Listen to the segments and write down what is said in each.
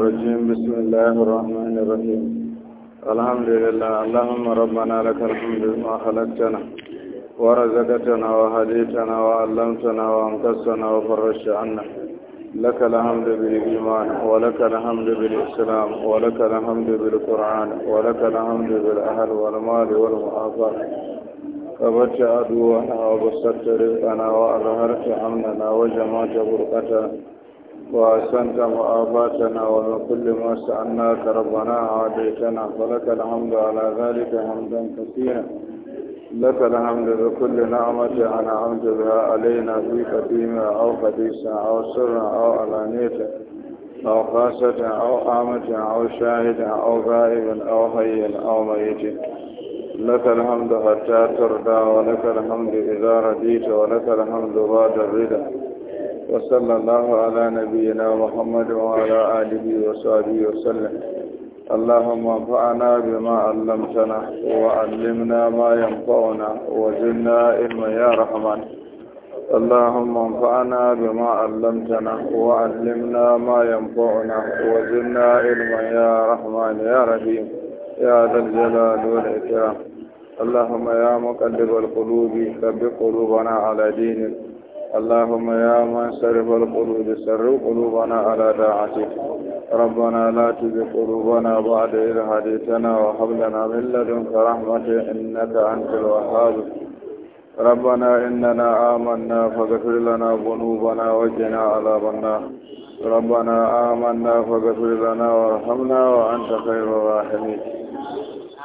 الرجيم بسم الله الرحمن الرحيم الحمد لله اللهم ربنا لك الحمد ما خلقتنا ورزقتنا وهديتنا وعلمتنا وانقصنا وفرجت عنا لك الحمد بالإيمان ولك الحمد بالإسلام ولك الحمد بالقرآن ولك الحمد بالأهل والمال والمعافاة كبرت عدونا وبسطت رزقنا وأظهرت أمننا وجمعت برقتنا وأحسنت وآباتنا ومن كل ما سألناك ربنا عاديتنا فلك الحمد على ذلك حمدا كثيرا لك الحمد بكل نعمة عمد بها علينا في قديمة أو حديثة أو سرة أو علانية أو خاصة أو عامة أو شاهد أو غائب أو حي أو ميت لك الحمد حتى ترضى ولك الحمد إذا رديت ولك الحمد بعد الرضا وصلى الله على نبينا محمد وعلى آله وصحبه وسلم اللهم انفعنا بما علمتنا وعلمنا ما ينفعنا وزدنا علما يا رحمن اللهم انفعنا بما علمتنا وعلمنا ما ينفعنا وزدنا علما يا رحمن يا رحيم يا ذا الجلال والإكرام اللهم يا مقلب القلوب ثبت قلوبنا على دينك اللهم يا من صرف القلوب صرف قلوبنا على طاعتك ربنا لا تزغ قلوبنا بعد إذ هديتنا وهب لنا من لدنك رحمة إنك أنت الوهاب ربنا إننا آمنا فاغفر لنا ذنوبنا وجنا عذاب النار ربنا آمنا فاغفر لنا وارحمنا وأنت خير الراحمين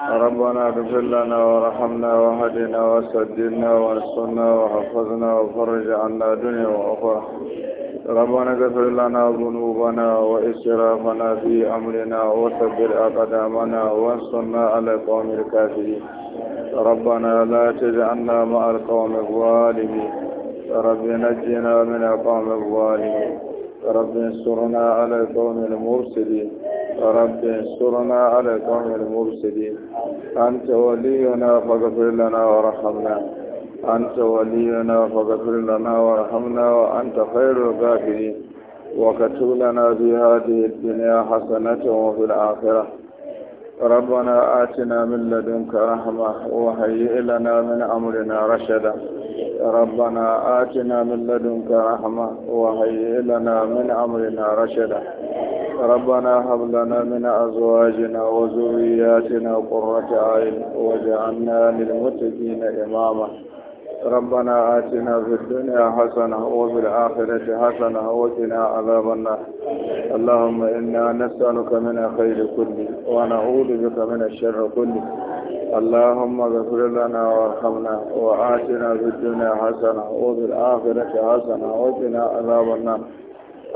ربنا اغفر لنا وارحمنا وهدنا وسددنا وانصرنا وحفظنا وفرج عنا دنيا واخره ربنا اغفر لنا ذنوبنا وإسرافنا في أمرنا وثبت أقدامنا وانصرنا على قوم الكافرين ربنا لا تجعلنا مع القوم الظالمين رب نجنا من القوم الظالمين رب انصرنا على القوم المرسلين رب انصرنا على القوم المفسدين أنت ولينا فاغفر لنا وارحمنا أنت ولينا فاغفر لنا وارحمنا وأنت خير الغافرين وكتب لنا في هذه الدنيا حسنة وفي الآخرة ربنا آتنا من لدنك رحمة وهيئ لنا من أمرنا رشدا ربنا آتنا من لدنك رحمة وهيئ لنا من أمرنا رشدا ربنا هب لنا من أزواجنا وذرياتنا قرة أعين واجعلنا للمتقين إماما ربنا آتنا في الدنيا حسنة وفي الآخرة حسنة وقنا عذاب النار اللهم إنا نسألك من الخير كله ونعوذ بك من الشر كله اللهم اغفر لنا وارحمنا وآتنا في الدنيا حسنة وفي الآخرة حسنة وقنا عذاب النار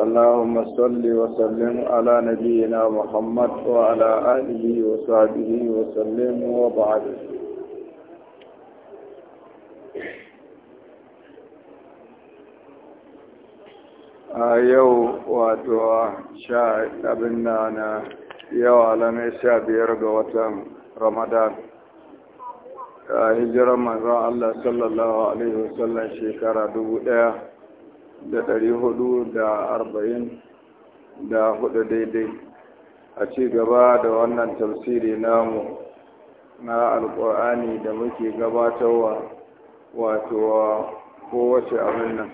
اللهم صل وسلم على نبينا محمد وعلى آله وصحبه وسلم وبعد a yau wato sha abin na yau alamai sha biyar ga watan ramadan a hijirar manzon allah sallallahu alaihi wasallam shekara dubu ɗaya da ɗari hudu da arba'in da hudu daidai a ci gaba da wannan tafsiri namu na alƙur'ani da muke gabatarwa wato kowace abin nan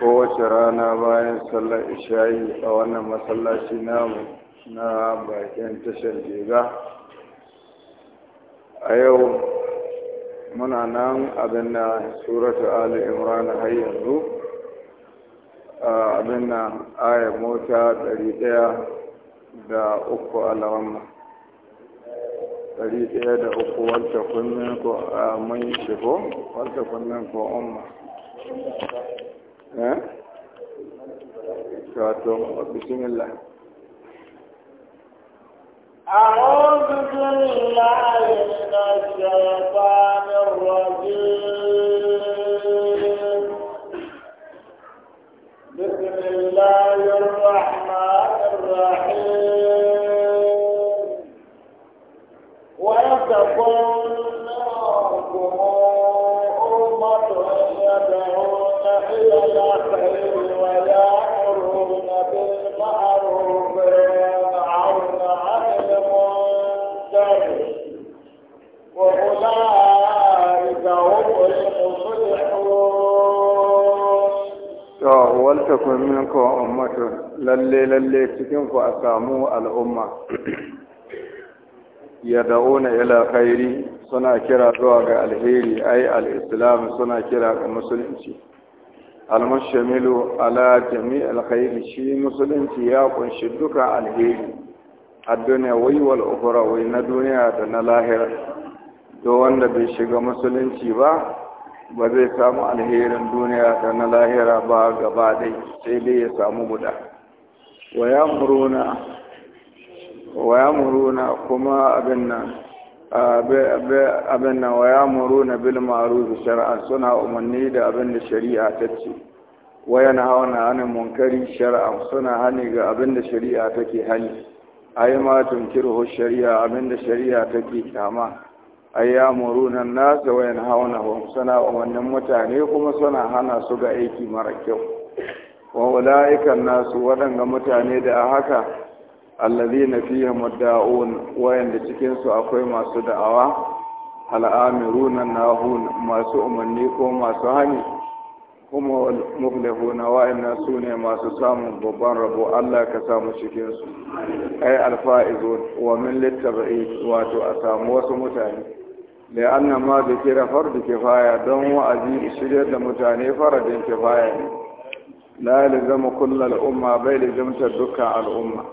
kowace rana bayan sallar isha'i a wannan masallaci namu na bakin tashar jega a yau muna nan abin na suratu ali imran har yanzu abin na ayar mota ɗari ɗaya da uku alaramma ɗari ɗaya da uku walta kunnin ko a mun shigo walta kunnin ko umma eh wato bismillah أعوذ بالله من الشيطان الرجيم الله الرحمن الرحيم ويتقون waltakun minkum ummatu lalle lalle cikin ku a samu al'umma ya da'una ila suna kira zuwa ga alheri ai al-islam suna kira ga musulunci al-mushamilu ala jami' al shi musulunci ya ƙunshi duka alheri ad-dunya wa al na duniya da na lahira to wanda bai shiga musulunci ba ba zai samu alherin duniya da na lahira ba gaba dai sai dai ya samu guda waya muruna kuma abin nan abin nan waya muruna bil da suna umarni da abin da shari'a ta ce waya na hauna munkari shari'a suna hani ga abin da shari'a take hani yi ma tunkirhu shari'a abin da shari'a take kama. ay yamuruna an-nas wa yanhawnahum sana wannan mutane kuma suna hana su ga aiki mara kyau wa ulaika an-nas wadanga mutane da haka alladhina fiha mudda'un wa inda cikin su akwai masu da'awa al'amiruna nahun masu umarni ko masu hani kuma muflihuna wa su ne masu samun babban rabo Allah ka samu cikinsu ay alfa'izun wa min littaba'i wato a samu wasu mutane da annan ma da kira fardu kifaya don wa'azi shirya da mutane faradin kifaya ne la zama kulla al'umma bai da jimtar dukkan al'umma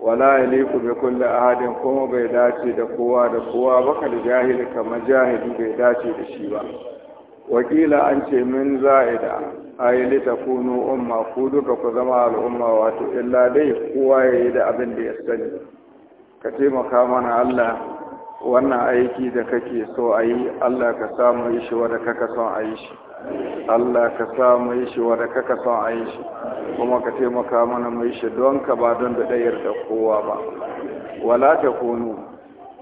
wala yaliku bi kulla ahadin kuma bai dace da kowa da kowa ba da jahili kamar jahili bai dace da shi ba wakila an ce min za'ida ayi lita takunu umma ku duka ku zama al'umma wato illa dai kowa ya yi da abin da ya sani ka taimaka mana Allah wannan aiki da kake so a yi Allah ka samu yi shi wadda kaka son a yi shi Allah ka samu yi shi wadda kaka son a yi shi kuma ka taimaka mana mai shi don ka ba don da ɗayar da kowa ba wala ta kunu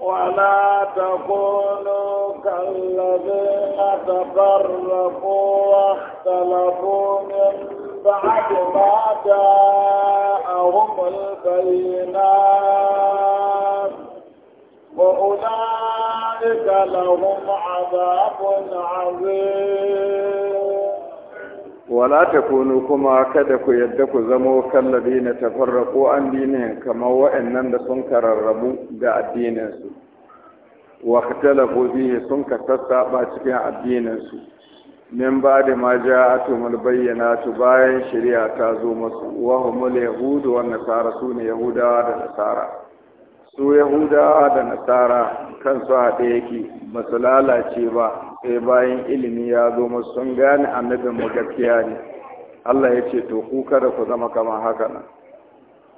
ولا تكونوا كالذين تفرقوا واختلفوا ta بعد a جاءهم البينات وأولئك لهم عذاب عظيم wala ta kunu kuma kada ku yadda ku zamo kallabi na tafarraku an dinin kamar wa'annan da sun kararrabu ga addininsu wa talafu bihi sun ka sassaɓa cikin addininsu min ba da ma ja'atumul bayyanatu bayan shari'a ta zo musu wa humul yahudu wa nasara sune yahudawa da nasara su yahuda da nasara kansu haɗe yake ba su lalace ba sai bayan ilimi ya zo musu sun gane annabin mu gaskiya ne Allah ya ce to ku kada ku zama kamar haka nan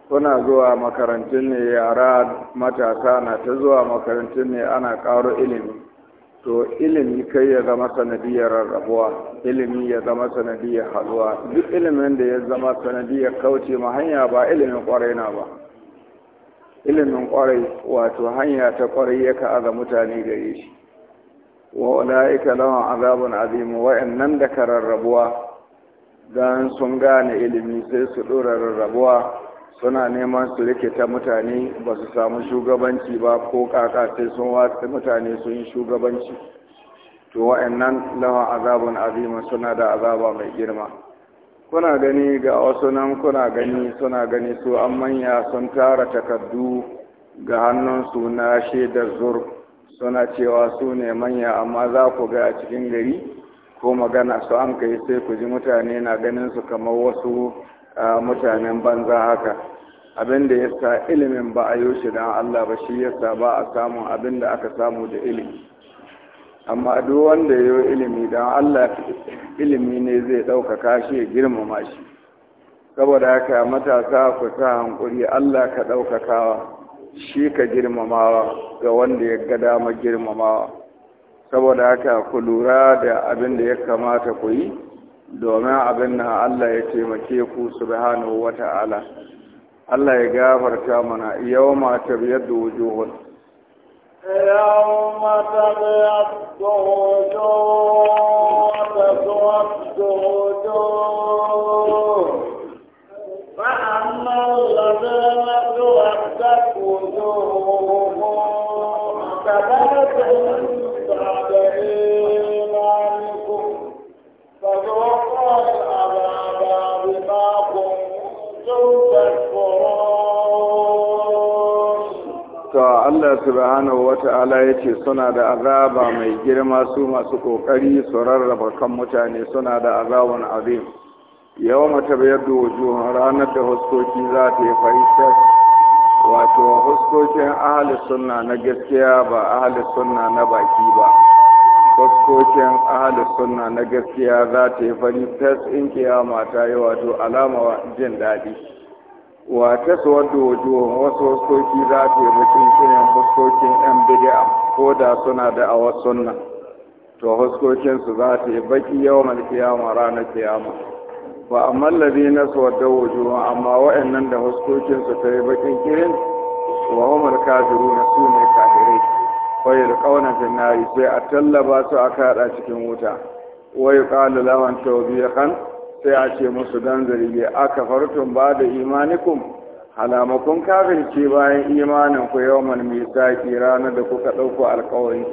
kuna zuwa makarantun ne yara matasa na ta zuwa makarantun ne ana ƙaro ilimi to ilimi kai ya zama sanadiyar rarrabuwa ilimi ya zama sanadiyar haɗuwa duk ilimin da ya zama sanadiyar kauce ma hanya ba ilimin kwarai na ba ilimin kwarai wato hanya ta kwarai ya aza mutane gare shi wa ulaika lawan azabun azim wa'annan da kararrabuwa don sun gane ilimi sai su dora rarrabuwa suna neman su ta mutane ba su samu shugabanci ba ko kaka sai sun watsa mutane sun yi shugabanci to wa'annan lawan azabun azimu suna da azaba mai girma kuna gani ga wasu nan kuna gani suna gani su an manya sun tara takardu ga hannunsu na shaidar zur suna cewa su ne manya amma za ku ga a cikin gari ko magana su an kai sai ku ji mutane na ganin su kamar wasu mutanen banza haka abin da ya sa ilimin ba a yi shi don Allah ba shi ya sa ba a samun abin da aka samu da ilimi amma duk wanda ya yi ilimi don Allah ilimi ne zai ɗaukaka shi ya girmama shi saboda haka matasa ku sa hankuri Allah ka ɗaukakawa shi ka girmamawa ga wanda ya ga dama girmamawa saboda haka ku lura da abin da ya kamata ku yi domin abin nan Allah ya taimake ku subhanahu wata'ala Allah ya gafarta mana yawma tabiyadu wujuhun يوم تبيض وجوه وتسود وجوه فأما الذين سودت وجوههم كفرت to Allah subhanahu wata'ala yace suna da azaba mai girma su masu kokari su rarraba kan mutane suna da azaban azim yau mata bayadu wujuhun ranar da huskoki za ta yi fahisar wato huskokin ahli sunna na gaskiya ba ahli sunna na baki ba huskokin ahli sunna na gaskiya za ta yi fahisar in kiyama ta yi wato alama jin daɗi wa ta wadda wajo wasu waskoki za ta yi bakin kiran fuskokin yan bid'a ko da suna da awa sunna to fuskokinsu za ta yi baki yawon kiyama ranar kiyama ba a lalazi na wadda wajo amma wa'annan da fuskokinsu ta yi bakin kirin wa umar kafiru na su ne kafirai wai da kaunar finnari sai a tallaba su a kaɗa cikin wuta wai ƙalalawan kan? sai a ce musu dan zarge aka fartun ba da imanikum kafin kafirce bayan imanin ku mai misaki ranar da kuka ɗauko alkawari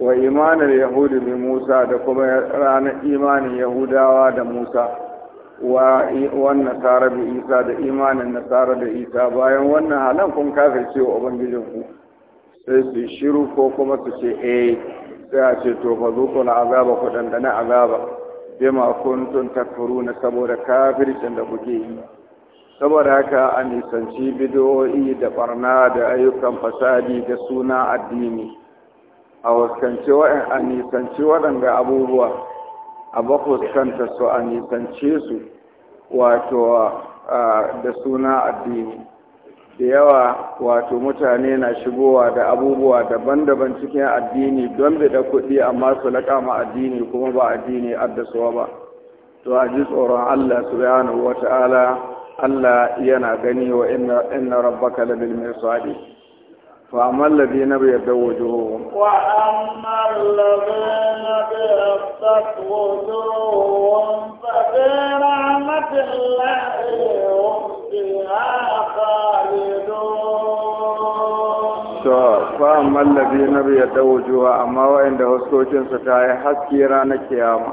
wa imanin yahudu mai musa da kuma ranar imanin yahudawa da musa wa wannan nasara da isa da imanin nasara da isa bayan wannan halan kun kafirce wa ubangijinku sai su shiru ko kuma su ce eh sai a ce to fa na azaba ku dandana azaba bima kuntum takfuruna saboda kafircin da kuke yi saboda haka a nisanci bidoyi da barna da ayyukan fasadi da suna addini a waskanci a nisanci waɗanda abubuwa a bakuskanta su a nisance su wato da suna addini da yawa wato mutane na shigowa da abubuwa daban-daban cikin addini don da kuɗi amma su laƙama addini kuma ba addini addasuwa ba to a ji tsoron Allah subhanahu wata'ala Allah yana gani wa inna rabbaka labil mirsadi وأما الذين بيدوا وجوههم وأما الذين بيضت وجوههم ففي رحمة الله هم فيها خالدون فأما الذين بيدوا وجوههم أما وإن ده سكوتين ستاي حسكي رانا كياما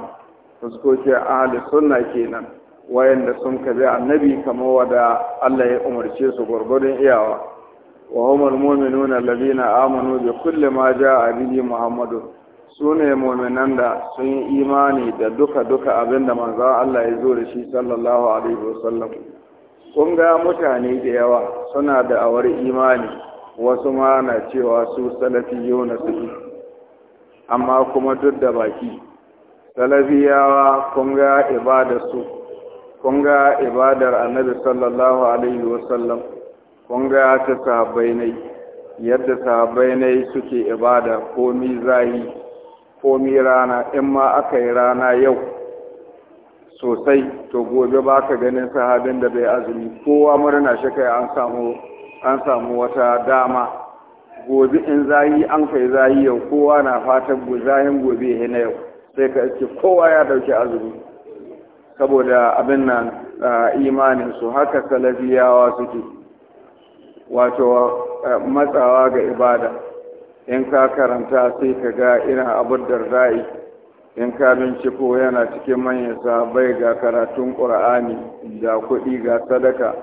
سكوتين أهل السنة كينا وإن ده سمك بي النبي كما ودا الله يأمر شيء سكور بدين إياه وهم المؤمنون الذين آمنوا بكل ما جاء به محمد sune mu'minan da sun yi imani da duka duka abinda manzo Allah ya zo da shi sallallahu alaihi wasallam kun ga mutane da yawa suna da awar imani wasu ma na cewa su salafiyuna suke amma kuma duk da baki salafiyawa kun ga ibadar su kun ga ibadar annabi sallallahu alaihi wasallam kun ga ta sahabbai ne yadda sahabbai ne suke ibada komi zahi komi rana in ma aka yi rana yau sosai to gobe ba ka ganin sahabin da bai azumi kowa murna shi kai an samu an samu wata dama gobe in zahi an kai zahi yau kowa na fatan zahin gobe ya na yau sai ka ce kowa ya dauki azumi saboda abin nan ah, imanin su haka salafiyawa suke wato eh, matsawa ga ibada in ka karanta sai ka ga irin abin da ra'ayi in ka binciko yana cikin manyan sahabbai ga karatun ƙur'ani ga kuɗi ga sadaka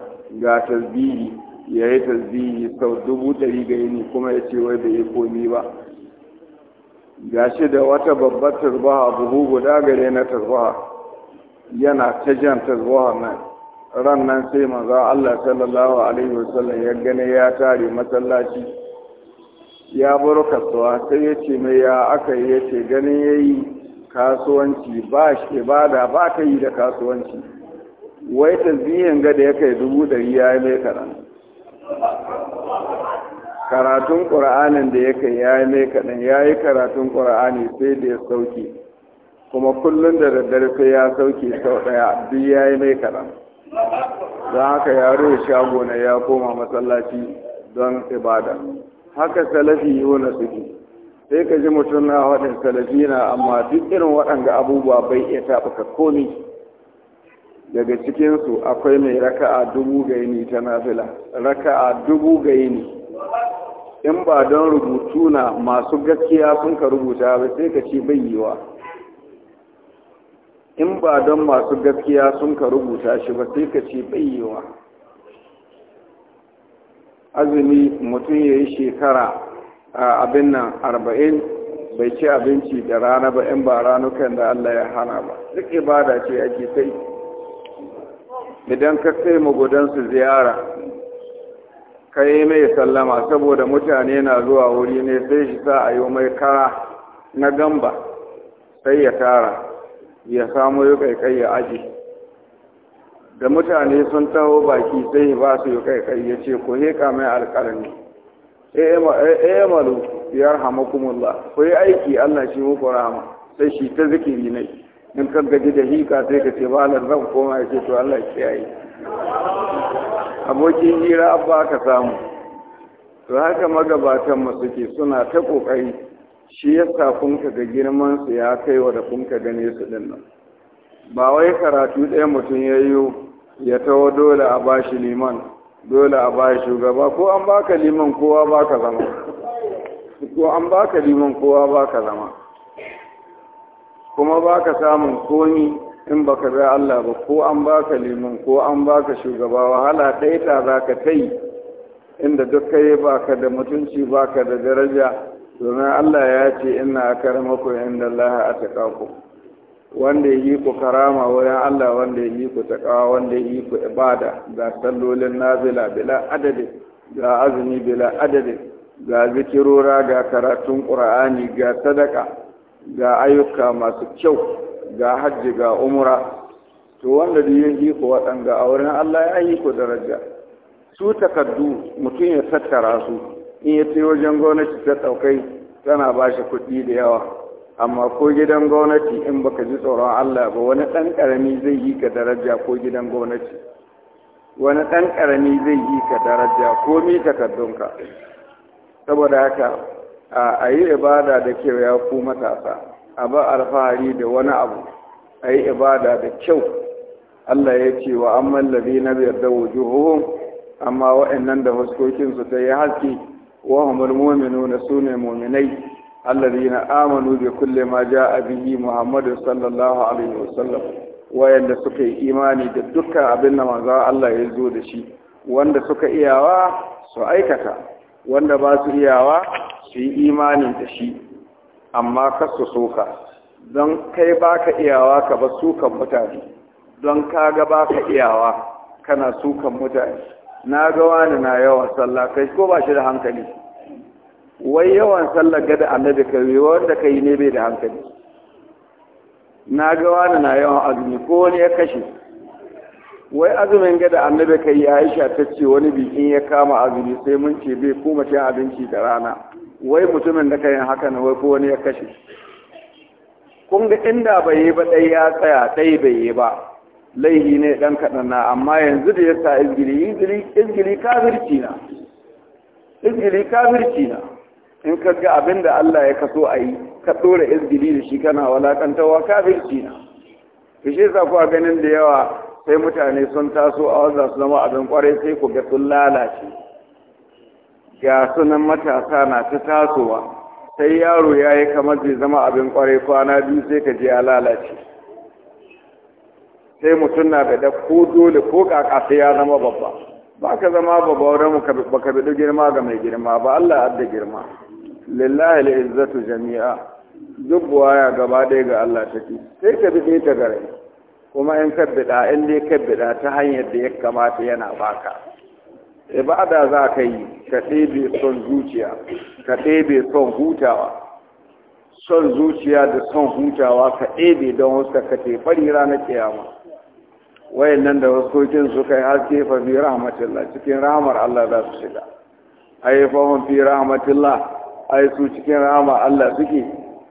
ga tasbihi ya yi tasbihi sau dubu ɗari ga yini kuma ya ce wai bai yi komi ba ga shi da wata babbar tarbaha buhu guda gare na tarbaha yana ta jan tarbaha nan ran nan sai manzo Allah sallallahu alaihi wasallam ya gane ya tare masallaci ya baro kasuwa sai ya ce mai ya aka yi ya ce ganin yayi kasuwanci ba shi ibada ba ta yi da kasuwanci wai tasbihin ga da ya kai dubu ɗari ya yi mai kaɗan karatun qur'anin da ya kai ya yi mai kaɗan ya yi karatun qur'ani sai da ya sauke kuma kullum da daddare sai ya sauke sau ɗaya duk ya yi mai kaɗan don haka yaro ya sha gona ya koma masallaci don ibada haka salafi yi wani suke sai ka ji mutum na waɗin salafi na amma duk irin waɗanga abubuwa bai iya taɓa ka komi daga cikinsu akwai mai raka'a dubu ga yini ta nafila raka'a dubu ga in ba don rubutu na masu gaskiya sun ka rubuta ba sai ka ce bai yiwa in ba don masu gaskiya sun ka rubuta shi ba sai ka ce bayyewa azumi mutum ya yi shekara a abin nan arba'in bai ci abinci da rana ba in ba ranukan da Allah ya hana ba duk ibada ce ake sai. idan ka kai magudansu ziyara ka yi mai sallama saboda mutane na zuwa wuri ne sai shi sa a yi mai kara na gamba sai ya tara ya samu yi kaikai ya aji da mutane sun taho baki sai ba su yi kaikai ya ce ku heka mai alkarni eh, eh malu biyar hamakumullah ku yi aiki allah shi muku rahama sai shi ta zikiri ne in kan gaji da hika sai ka ce ba zan koma ya ce to allah yi. abokin hira abba ka samu to haka magabatan masu ke suna ta ƙoƙari shi sa kun ka ga girman su ya kai wa da kun ka gane su din nan ba wai karatu ɗaya mutum ya yi ya tawo dole a shi liman dole a bashi shugaba ko an ba ka liman kowa ka zama ko an ka liman kowa ka zama kuma ba ka samun komi in ba ka zai Allah ba ko an ba ka liman ko an ba ka shugaba wahala ɗaya ta za ka ta yi inda duk kai ka da mutunci ba ka da daraja domin Allah ya ce ina a karamaku inda Allah a taƙaƙo wanda yi ku karama wurin Allah wanda yi ku taƙawa wanda yi ku ibada ga sallolin nazila bila adadi ga azumi bila adadi ga zikirura ga karatun ƙur'ani ga sadaka ga ayyuka masu kyau ga hajji ga umra to wanda da yi ku waɗanga a wurin Allah ya yi ku daraja su takardu mutum ya tattara su in ya ce wajen gwamnati ta ɗaukai tana ba shi kuɗi da yawa amma ko gidan gwamnati in baka ji tsoron Allah ba wani ɗan ƙarami zai yi ka daraja ko gidan gwamnati wani ɗan ƙarami zai yi ka daraja ko mi takardunka saboda haka a yi ibada da kyau ya ku matasa a ba alfahari da wani abu a yi ibada da kyau Allah ya ce wa amman na yadda da wujuhuhum amma wa'annan da huskokinsu ta yi haske wa humul mu'minuna sune mu'minai na amanu bi kulle ma jaa bihi muhammadu sallallahu alaihi wasallam wayanda suka yi imani da dukkan abin da manzo Allah ya zo da shi wanda suka iyawa su aikata wanda ba su iyawa su yi imani da shi amma kar su soka don kai baka iyawa ka ba sukan mutane don kaga baka iyawa kana sukan mutane na ga wani na yawan sallah kai ko ba shi da hankali wai yawan sallah ga da annabi kai wanda kai ne bai da hankali na ga wani na yawan azumi ko wani ya kashe wai azumin ga da annabi kai ya aisha ta ce wani bikin ya kama azumi sai mun ce bai koma cin abinci da rana wai mutumin da kai haka na wai ko wani ya kashe kun ga inda bai yi ba ɗaya ya tsaya ɗaya bai yi ba laihi ne ɗan kaɗana amma yanzu da ya sa izgili izgiri kafirci na izgiri kafirci na in ka ga abin da Allah ya kaso a yi ka ɗora izgiri da shi kana walaƙantawa kafirci na ki shi sa kuwa ganin da yawa sai mutane sun taso a su zama abin ƙwarai sai ku ga sun lalace ga sunan matasa na ta tasowa sai yaro ya yi kamar zai zama abin kwarai kwana biyu sai ka je a lalace sai mutum na da ko dole ko kaka sai ya zama babba ba ka zama babba wurin ba ka bi girma ga mai girma ba Allah adda girma lillahi izzatu jami'a duk waya gaba ɗaya ga Allah take sai ka bi ta gare kuma in ka da, in dai ka da, ta hanyar da ya kamata yana baka ibada za ka yi ka ɗebe son zuciya ka ɗebe son hutawa son zuciya da son hutawa ka ɗebe don wasu ka fari ranar kiyama nan da waskokin su kai haske fa fi rahmatillah cikin rahmar Allah za su shiga ai fa hum fi rahmatillah ai su cikin rahmar Allah suke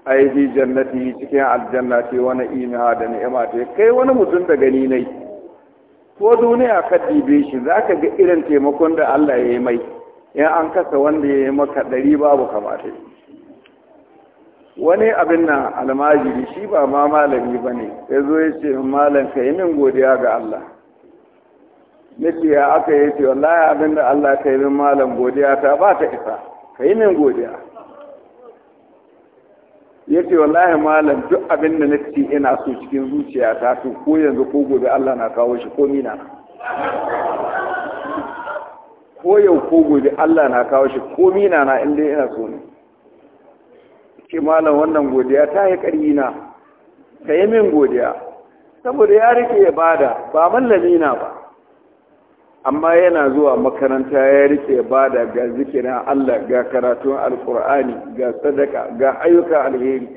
ai fi jannati cikin aljanna ce wani ima da ni'ima ce kai wani mutum da gani nai ko duniya ka dibe shi zaka ga irin taimakon da Allah ya yi mai in an kasa wanda ya yi maka ɗari babu kamata wani abin na almajiri shi ba ma malami ba ne ya zo ya ce malam ka yi min godiya ga Allah nake ya aka yi ce wallahi abin da Allah ka yi min malam godiya ta ba ta isa ka yi min godiya ya ce wallahi malam duk abin da nake ina so cikin zuciya ta to ko yanzu ko gobe Allah na kawo shi ko mina ko yau ko gobe Allah na kawo shi ko mina na inda ina so ne ce malam wannan godiya ta yi ƙari na ka yi min godiya saboda ya rike ya bada ba mallami na ba amma yana zuwa makaranta ya rike ya bada ga zikirin Allah ga karatun alkur'ani ga sadaka ga ayyuka alheri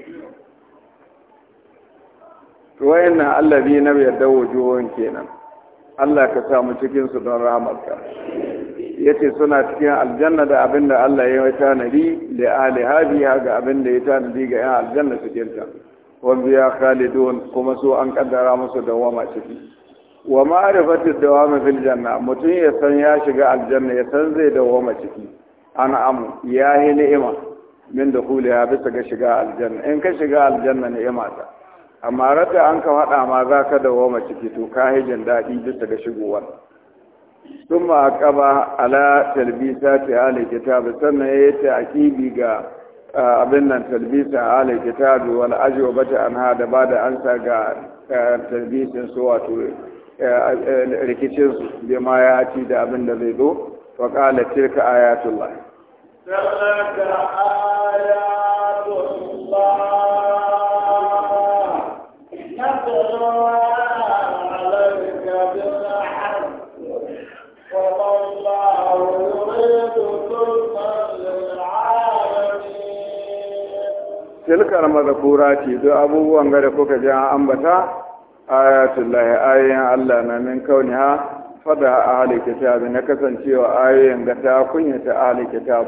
wayannan allazi na yadda jihon kenan Allah ka sa mu cikin su don rahamarka yace suna cikin aljanna da abinda Allah ya yi tanadi da ali hadiya ga abinda ya tanadi ga yan aljanna su ta wa biya khalidun kuma su an kaddara musu dawama ciki wa ma'rifatu dawami fil janna mutum ya san ya shiga aljanna ya san zai dawama ciki ana amu ya yi ni'ima min da kuliya bisa ga shiga aljanna in ka shiga aljanna ni'ima ta amma rata an ka faɗa ma za ka dawoma ciki to ka hijin daɗi bisa ga shigowar sun ma ala talbisa ta halin kitabu sannan ya yi akibi ga abin nan talbisa halin kitabu wani ajiyo bata an hada ba da ansa ga talbisin su wato rikicinsu bai ma ya ci da abin da zai zo faƙalar tilka ayatullah. tilkar ce, duk abubuwan ga kuka ji an ambata ayatul lahi ayoyin Allah na min kauniha fada ahli kitab na kasancewa ayoyin ga ta kunyata ahli kitab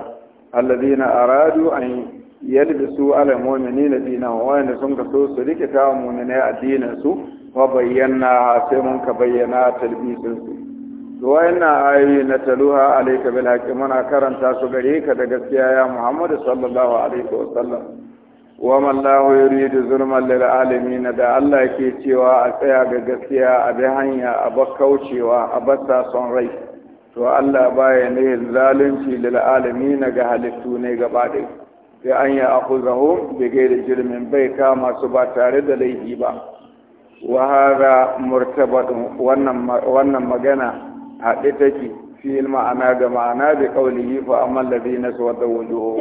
alladhina aradu an yalbisu ala mu'minina dinahum wa inda sun ka so su rikita wa mu'minai addinin su wa bayyana sai mun ka bayyana talbisin su to wayanna ayoyi na taluha alayka bil haqqi muna karanta su gare ka da gaskiya ya Muhammadu sallallahu alaihi wa sallam wa mallahu yuridu zulman lil alamin da Allah ke cewa a tsaya ga gaskiya a bi hanya a ba kaucewa a basta son rai to Allah baya ne zalunci lil alamin ga halittu ne gaba ɗaya sai an ya akhuzahu bi da jirmin bai kama su ba tare da laifi ba wa hada wannan wannan magana haɗe take fi ma'ana ga ma'ana da qawlihi fa amma alladhina sawadda wujuhu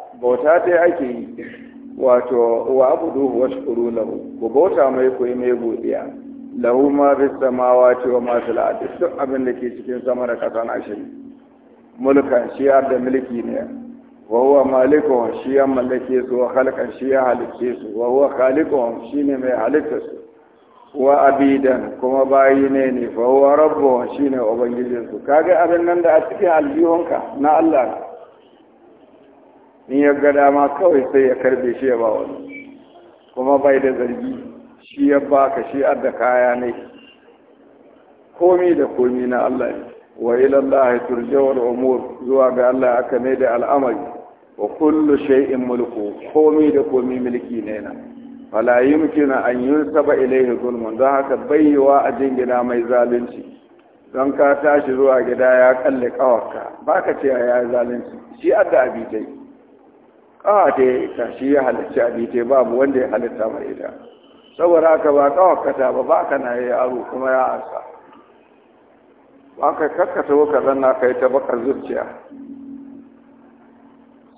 bauta ta ake yi wato wa abudu wa shukuru lahu ku bauta mai koyi mai godiya lahu ma fi samawati wa ma fil ardi duk abin da ke cikin sama da ƙasa na shi mulkan shi da mulki ne wa huwa maliku shi ya mallake su wa khalqan shi ya halicce su wa huwa khaliquhum shi ne mai halitta su wa abidan kuma bayi ne ne fa huwa rabbuhum shi ne ubangijinsu kaga abin nan da a cikin aljihunka na Allah in ya ga dama kawai sai ya karbe shi ya ba wani kuma bai da zargi shi ya baka shi adda kaya ne komi da komi na Allah ne wa ila Allah turjawar umur zuwa ga Allah aka ne da al'amari wa kullu shay'in mulku komi da komi mulki ne na fala yumkina an yunsaba ilayhi zulmun don haka baiwa a jingina mai zalunci don ka tashi zuwa gida ya kalle kawarka baka ce ya zalunci shi adda dai. Kawate ta shi ya halarci abita babu wanda ya halitta mai ita saboda haka ba kawakata ba ba ka na yaro kuma ya asa ba ka karkata ka zanna na kai ta bakar zuciya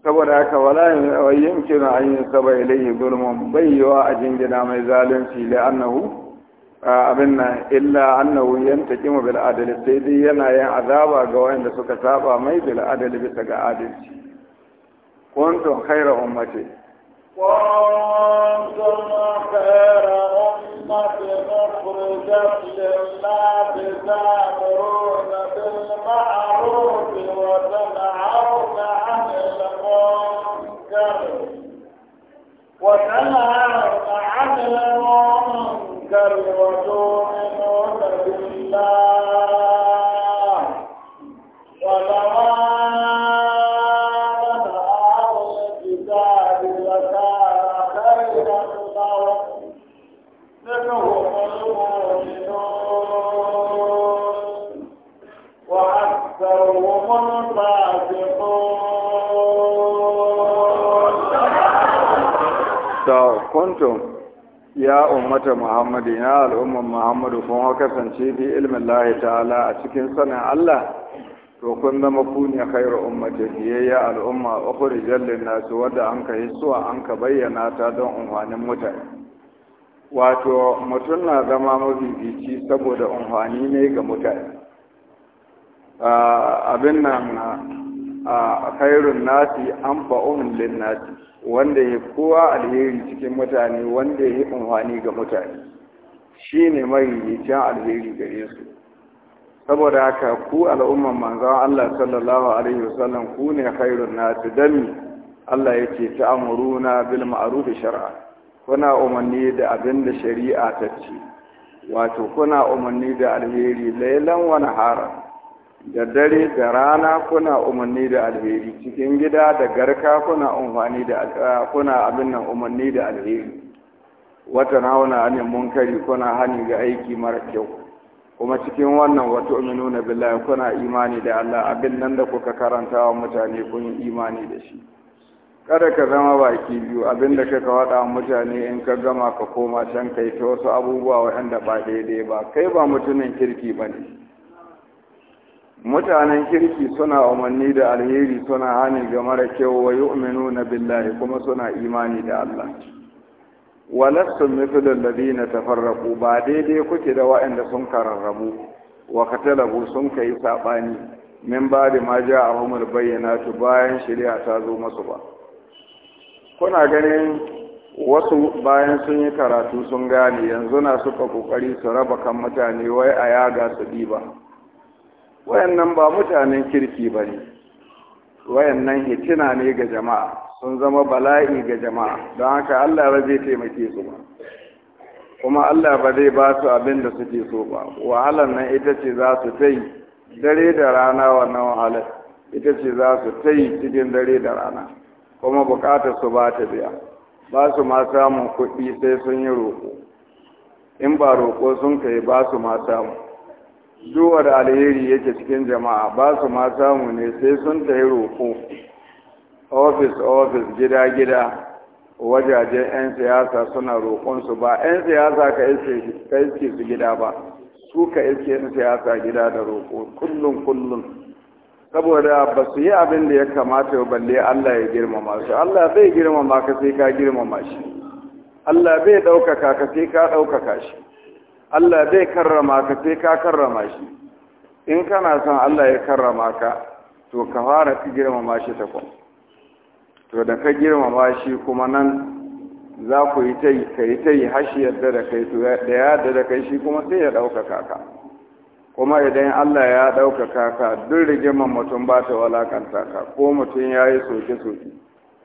saboda haka wala yumkinu an yi saba ilayhi zulmun bayyawa a jingina mai zalunci da annahu abin nan illa annahu yantaqimu bil adl sai dai yana yin azaba ga wanda suka saba mai bil bisa ga adalci كنتم خير أمتي كنتم خير أمة أخرجت لله تأمرون بالمعروف وتنعون عن المنكر وتنعون عن المنكر وتؤمنون بالله kuntum ya ummata muhammadu ya al'umman muhammadu kun kasance fi ilmin lahi ta'ala a cikin sanin allah to kun zama ku ne khairu ummati biyayya al'umma ukhri jallin nasu wanda an ka hissuwa an ka bayyana ta don umfanin mutane wato mutum na zama mabibici saboda umfani ne ga mutane ah, abin nan a khairun nasi an fa'uhun lin nasi wanda ya kowa alheri cikin mutane wanda ya yi amfani ga mutane shi ne mahimmancin alheri gare su saboda haka ku al'umman manzon Allah sallallahu alaihi wasallam ku ne khairun nasi dami Allah ya ce ta'amuruna bil ma'ruf shar'a kuna umarni da abin da shari'a ta ce wato kuna umarni da alheri lailan wani hara? da dare da rana kuna umarni da alheri cikin gida da garka kuna umarni da ah, kuna abin nan umarni da alheri wata nauna anin munkari kuna hani ga aiki mara kyau kuma cikin wannan wato minuna billahi kuna imani da Allah abin nan da kuka karanta wa mutane kun imani da shi kada ka zama baki biyu abin da kaka waɗa mutane in ka gama ka koma can kai ta wasu abubuwa waɗanda ba daidai ba kai ba mutumin kirki ba ne mutanen kirki suna umarni da alheri suna hani ga mara kyau wa yu'minu na billahi kuma suna imani da Allah da mitulun ladina tafarraku ba daidai kuke da waɗanda sun kararrabu wa katalabu sun kai saɓani min ba da ma ja a humul bayyana bayan shari'a ta zo masu ba kuna ganin wasu bayan sun yi karatu sun gane yanzu na suka kokari su raba kan mutane wai a yaga su ba. wayannan ba mutanen kirki ba ne wayannan hitina ne ga jama'a sun zama bala'i ga jama'a don haka allah ba zai taimake su ba kuma allah ba zai ba su abin da suke so ba wahalar nan ita ce za su ta yi dare da rana wannan wahalar ita ce za su ta yi cikin dare da rana kuma bukatar su ba ta biya ba su ma samun kuɗi sai sun yi roƙo in ba roƙo sun kai ba su ma samu duwar alheri yake cikin jama'a ba su ma samu ne sai sun tafi roƙo ofis ofis gida gida wajajen 'yan siyasa suna roƙonsu ba 'yan siyasa ka iske su gida ba su ka iske 'yan siyasa gida da roƙo kullum kullum saboda ba su yi abin da ya kamata balle Allah ya girmama su Allah bai girmama ka sai ka girmama shi Allah bai ɗaukaka ka sai ka ɗaukaka shi Allah zai karrama ka sai ka karrama shi in kana son Allah ya karrama ka to ka fara ka girmama shi ta kwan to da ka girmama shi kuma nan za ku yi ta yi ka yi ta yi hashi yadda da kai to da ya da kai shi kuma sai ya ɗaukaka ka kuma idan Allah ya ɗaukaka ka duk rigiman mutum ba ta walakanta ka ko mutum ya yi soke-soke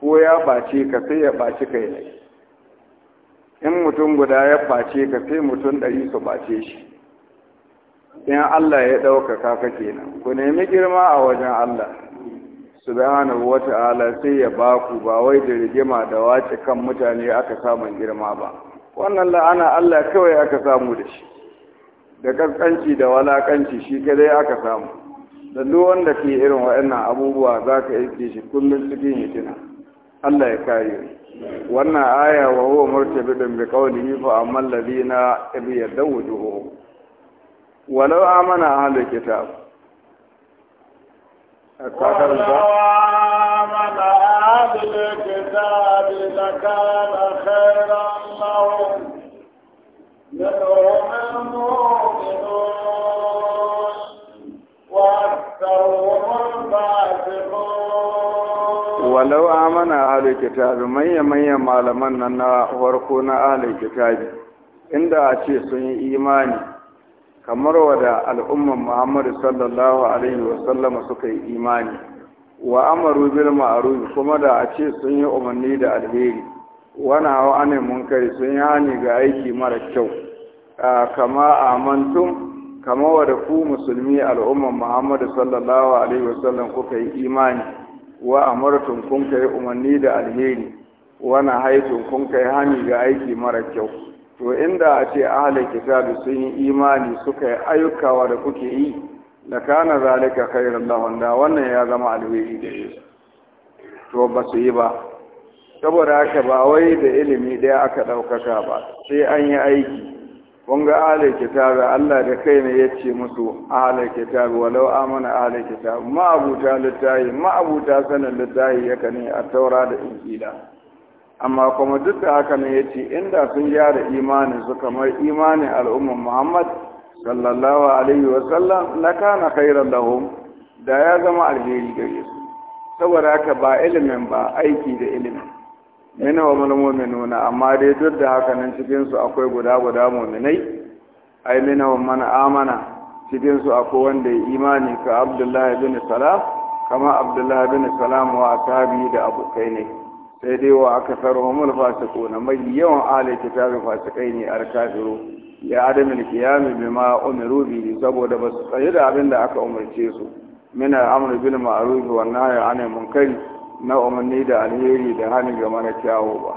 ko ya ɓace ka sai ya ɓaci kai ne in mutum guda ya face ka sai mutum ɗari su face shi in Allah ya ɗaukaka ka kenan ku nemi girma a wajen Allah subhanahu ta'ala sai ya baku ba wai da rigima da wace kan mutane aka samun girma ba wannan la'ana Allah kawai aka samu da shi da kaskanci da walakanci shi kadai aka samu da duk wanda ke irin waɗannan abubuwa za ka iske shi kullum cikin hitina Allah ya kare wannan aya wa huwa din bi qawlihi fa amma alladhina abi yadawduhu walau amana ahlul kitab ka ahalin kitabi manya-manyan malaman nan na farko na ahalin kitabi inda a ce sun yi imani kamar wada al'umman muhammadu sallallahu alaihi wasallama suka yi imani wa amaru bil ma'ruf kuma da a ce sun yi umarni da alheri wani hawa anin munkari sun yi hani ga aiki mara kyau kama amantum kama wada ku musulmi al'umman muhammadu sallallahu alaihi wasallam kuka yi imani wa amartum kun kai umarni da alheri wa nahaytum kun kai hani ga aiki mara kyau to inda a ce ahli kitabi sun yi imani suka yi ayyukawa da kuke yi la kana zalika khairan lahum da wannan ya zama alheri da shi. to ba su yi ba saboda haka ba wai da ilimi ɗaya aka ɗaukaka ba sai an yi aiki kun ga ahalai kitabi Allah da kai ne ce musu ahalai kitabi walau amana ahalai kitabi maabuta littahi ma'abuta abuta littahi yaka ne a taura da injila amma kuma duk da haka ne ce inda sun gyara imanin su kamar imanin al'umman Muhammad sallallahu alaihi wa sallam lakana khairan lahum da ya zama alheri gare su saboda haka ba ilimin ba aiki da ilimin ina wa nuna amma dai duk da haka nan cikin su akwai guda guda mu'minai ai mina wa man amana cikin su akwai wanda ya imani ka Abdullahi bin Salam kama Abdullahi bin Salam wa ashabi da abokai ne sai dai wa aka sarhumul mai yawan ahli kitabi fasikai ne arkafiru ya adamin kiyami bima umiru bihi saboda ba su tsaye da abin da aka umarce su mina al-amru bil ma'ruf wa nahy anil munkari na umarni da alheri da hannu ga mara kyawo ba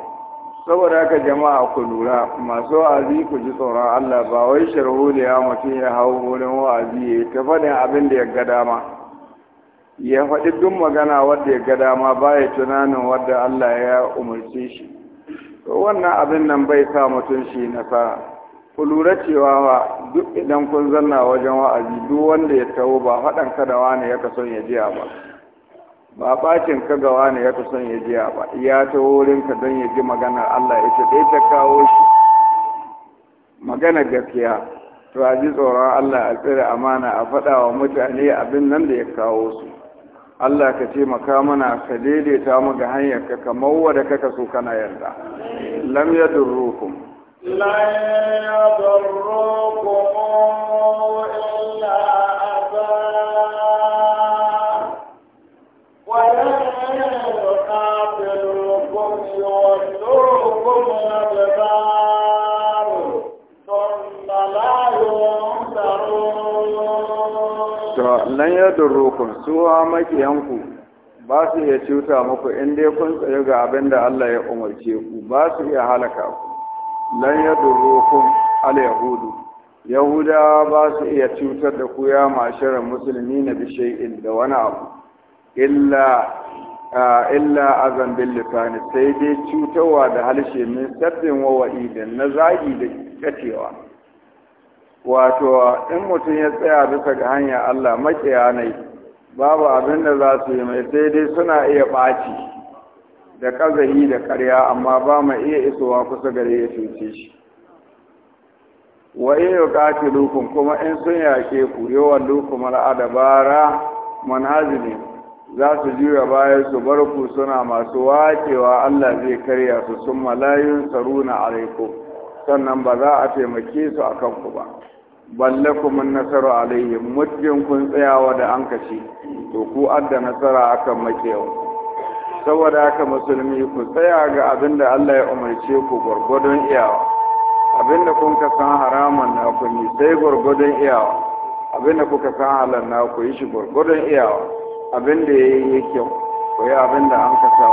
saboda haka jama'a ku lura masu wa'azi ku ji tsoron Allah ba wai sharholiya mutum ya hau wurin wa'azi ya yi ta faɗin abin da ya ga dama ya faɗi duk magana wadda ya ga dama ba ya tunanin wadda Allah ya umarci shi to wannan abin nan bai sa mutum shi nasara ku lura cewa ba duk idan kun zanna wajen wa'azi duk wanda ya taho ba faɗan kada wani ya kason ya jiya ba ba bacin ka gawa ne ya ta son ya je ba ya ta wurin ka don ya ji maganar Allah ya ce dai ta kawo shi maganar gaskiya to a ji tsoron Allah a tsira amana a faɗa wa mutane abin nan da ya kawo su Allah ka ce maka mana ka daidaita mu ga hanyar ka kamar wadda kaka so kana yarda lam yadurrukum la yadurrukum nan ya roƙon, suwa makiyanku ba su iya cuta muku in dai kun tsaye ga abin da Allah ya umarce ku ba su iya halaka ku nan ya roƙon al-yahudu yahudawa ba su iya cutar da ku ya masharar musulmi na bishiyar da wani abu illa illa azan bil lisani sai dai cutarwa da halshe min sabbin wa da na zagi da kacewa wato in mutum ya tsaya bisa ga hanya Allah makiya ne babu abin da za su yi mai sai dai suna iya ɓaci da ƙazahi da ƙarya amma ba mu iya isowa kusa gare ya cuce shi wa in yuqatilukum kuma in sun yake ku yawan lukum al adabara za su juya bayan su bar ku suna masu wakewa Allah zai karya su sun malayun saruna alaikum sannan ba za a taimake su a kanku ba balle kuma nasaru alaihim mutum kun tsayawa da an kashe to ku adda nasara akan makewa saboda haka musulmi ku tsaya ga abin da Allah ya umarce ku gwargwadon iyawa abin da kun san haramun na ku sai gwargwadon iyawa abin da kuka san halar na ku yi shi gwargwadon iyawa abin da ya yi kyau ku yi abin da an ka sa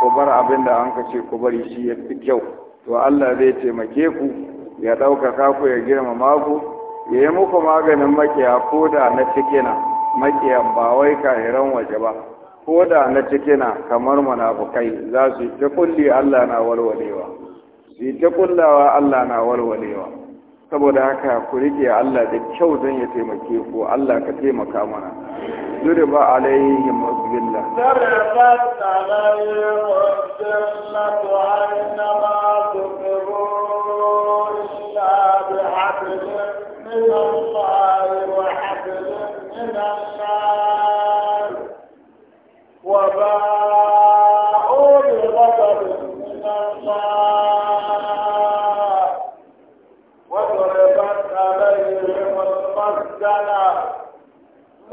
ku bar abin da an ka ce ku bari shi ya fi kyau to Allah zai taimake ku ya ɗaukaka ku ya girmama ku ya yi muku maganin makiya ko da na cikina makiya ba wai kahiran waje ba ko da na cikina kamar munafukai za su yi ta kulli Allah na walwalewa su yi ta kullawa Allah na walwalewa saboda haka ku rike Allah da kyau zan ya taimake ku Allah ka taimaka mana dole ba alaihi masbilla sarfat alaihi wasbilla tu aina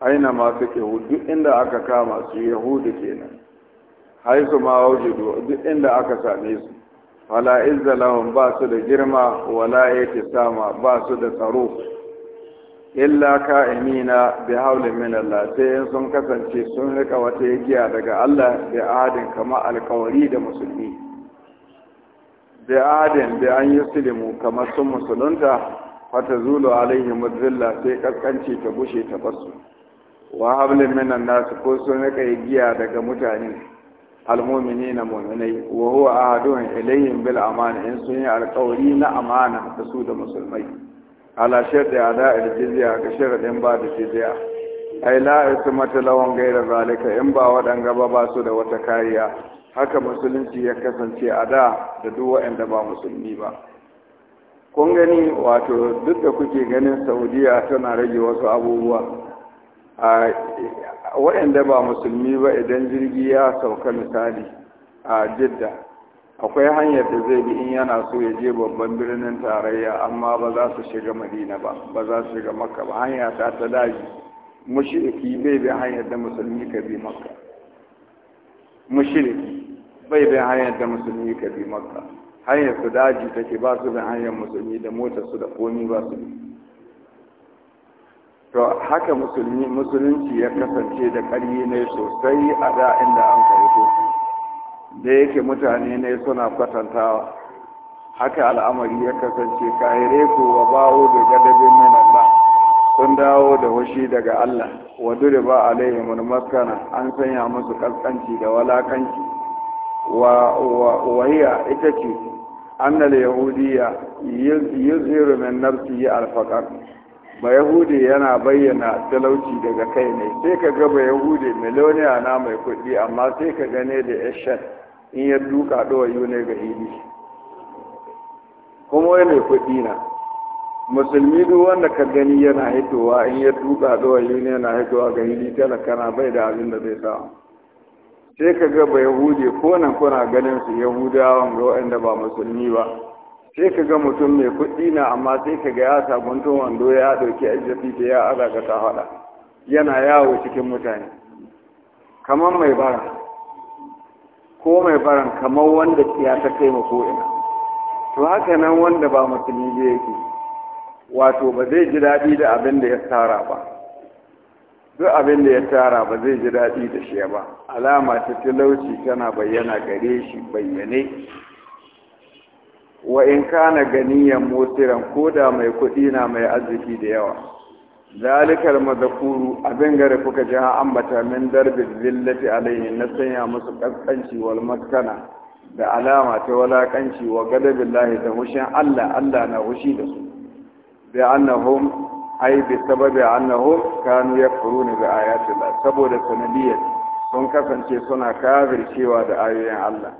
aina ma suke duk inda aka kama su yahudu kenan haisu ma wuce duk inda aka same su wala izza lahum ba su da girma wala yake sama ba su da tsaro illa ka ka'imina bi hawlin min Allah sai sun kasance sun rika wata yagiya daga Allah bi adin kama alkawari da musulmi bi adin bi an yuslimu kamar sun musulunta fata zulu alaihim zilla sai kaskanci ta bushe ta basu wa hablin minan nasu ko sun kai giya daga mutane almomini na muminai wa huwa ahadun ilayhim bil amana in sun yi alƙawari na amana da su da musulmai ala sharti ada al jizya ga sharadin ba da jizya ai la ismata lawan gairar zalika in ba wadan ba ba su da wata kariya haka musulunci ya kasance a da da duk waɗanda ba musulmi ba kun gani wato duk da kuke ganin saudiya tana rage wasu abubuwa waɗanda ba musulmi ba idan jirgi ya sauka misali a jidda akwai hanyar da zai bi in yana so ya je babban birnin tarayya amma ba za su shiga madina ba ba za su shiga makka ba hanya ta ta daji mushiriki bai bi hanyar da musulmi ka bi makka Mushiriki bai bi hanyar da musulmi ka bi makka hanyar su daji take ba su bi hanyar musulmi da motar su da komi ba su bi to haka musulmi musulunci ya kasance da ƙarfi ne sosai a da inda an karito da yake mutane ne suna kwatantawa haka al'amari ya kasance kahire ko wa bawo da gadabin min Allah sun dawo da washi daga Allah wa alaihi mun maskana an sanya musu kaskanci da walakanci wa wa hiya ita ce annal yahudiya yuzhiru min nafsihi al-faqr ba yahudi yana bayyana talauci daga kai ne sai ka ga ba yahudi miliyoniya na mai kuɗi amma sai ka gane da yashan in ya duka yi ne ga hili kuma wai mai kuɗi na musulmi duk wanda ka gani yana hitowa in ya duka yi ne yana hitowa ga hili talaka na bai da abin da zai samu sai ka ga ba yahudi ko nan kuna ganin su yahudawan ga waɗanda ba musulmi ba sai ka ga mutum mai kuɗi na amma sai ka ga ya sabunta wando ya ɗauki ajiyafi da ya ga ta faɗa yana yawo cikin mutane kamar mai bara ko mai baran kamar wanda ya ta kai ma ko'ina to haka nan wanda ba musulmi ne yake wato ba zai ji daɗi da abin da ya tara ba duk abin da ya tara ba zai ji daɗi da shi ba alama ta talauci tana bayyana gare shi bayyane wa in kana ganiyan motiran koda mai kuɗi na mai arziki da yawa zalikar mazakuru abin gare kuka ji ha ambata min darbin zillati alaihi na sanya musu kaskanci wal maskana da alama ta walakanci wa gadabin lahi da hushin allah allah na hushi da su bi annahum ai bi sababi annahum kanu yakfuruna bi ayati allah saboda sanadiyar sun kasance suna kafircewa da ayoyin allah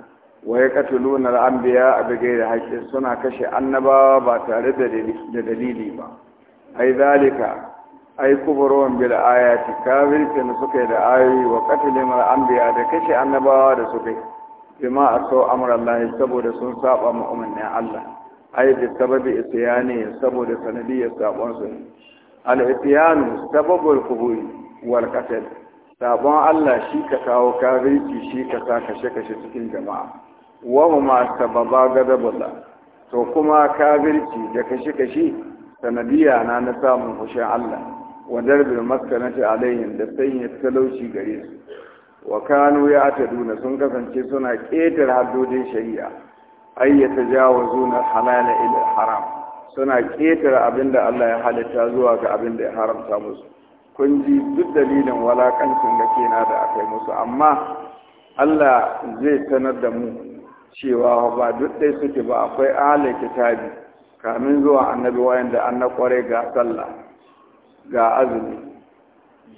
wa ya katuluna al'ambiya a bigai da haƙƙin suna kashe annabawa ba tare da dalili ba ai zalika ai kuburuwan bil ayati na suka yi da ayoyi wa katulin al'ambiya da kashe annabawa da suka yi bima a sau amurallahi saboda sun saba ma allah ai da sababi ne saboda sanadiyar sabon su al-isyanu sababul kuburi wal sabon allah shi ka kawo kafirci shi ka sa kashe kashe cikin jama'a wahuma sababa gadabullah to kuma kafirci da kashi-kashi sanadiya na na samun hushin Allah wa darbin maskanati alaihim da sanya talauci gare su wa kanu ya ataduna sun kasance suna ƙetare haddodin shari'a ay yatajawazuna halala ila haram suna ƙetare abinda Allah ya halitta zuwa ga abinda ya haramta musu kun ji duk dalilin walakancin da ke na da akai musu amma Allah zai sanar da mu cewa ba duk ɗai suke ba akwai ahalar kitabi kamin zuwa annabi wayan an na kwarai ga sallah ga azumi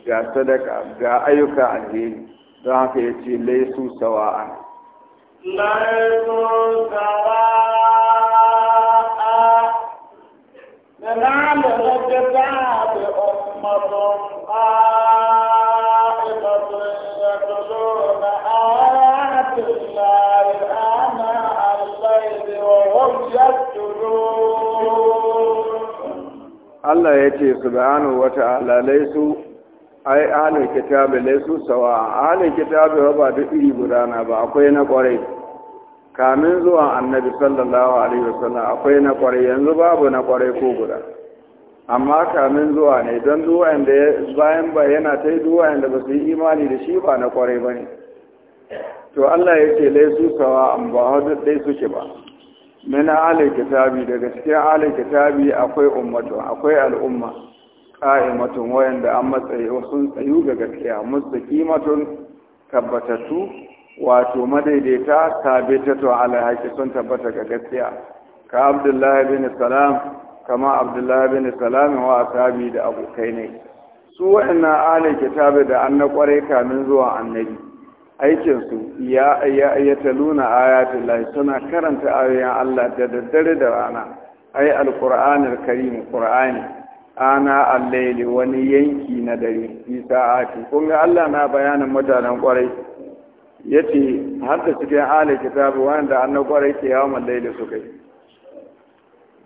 ga sadaka ga ayyuka addini don haka ya ce laisu sawa'an laisu sawa'an Allah ya ce su subhanahu wata ta'ala laisu ai ahlul kitabi laisu sawa ahlul kitabi ba duk iri gudana ba akwai na kwarai kamin zuwa annabi sallallahu alaihi wasallam akwai na kwarai yanzu babu na kwarai ko guda amma kamin zuwa ne don zuwa da bayan ba yana ta yi zuwa yadda ba su yi imani da shi ba na kwarai ba ne to Allah ya ce laisu sawa an ba duk dai suke ba min alai kitabi daga cikin alai kitabi akwai ummatu akwai al'umma qa'imatun wayanda an matsayi sun tsayu ga gaskiya mustaqimatun tabbatatu wato madaidaita sabitatu ala haqi sun tabbata ga gaskiya ka abdullahi bin salam kama abdullahi bin salam wa ashabi da abokai ne su wa'annan alai kitabi da an na kware kamin zuwa annabi aikinsu ya yataluna ayatul lahi suna karanta ayoyin Allah da daddare da rana ai alqur'anul karim qur'ani ana al-layli wani yanki na dare isa ati kun Allah na bayanin mutanen kwarai yace har da cikin ahli kitabi wanda annan kwarai ke yawan layli su kai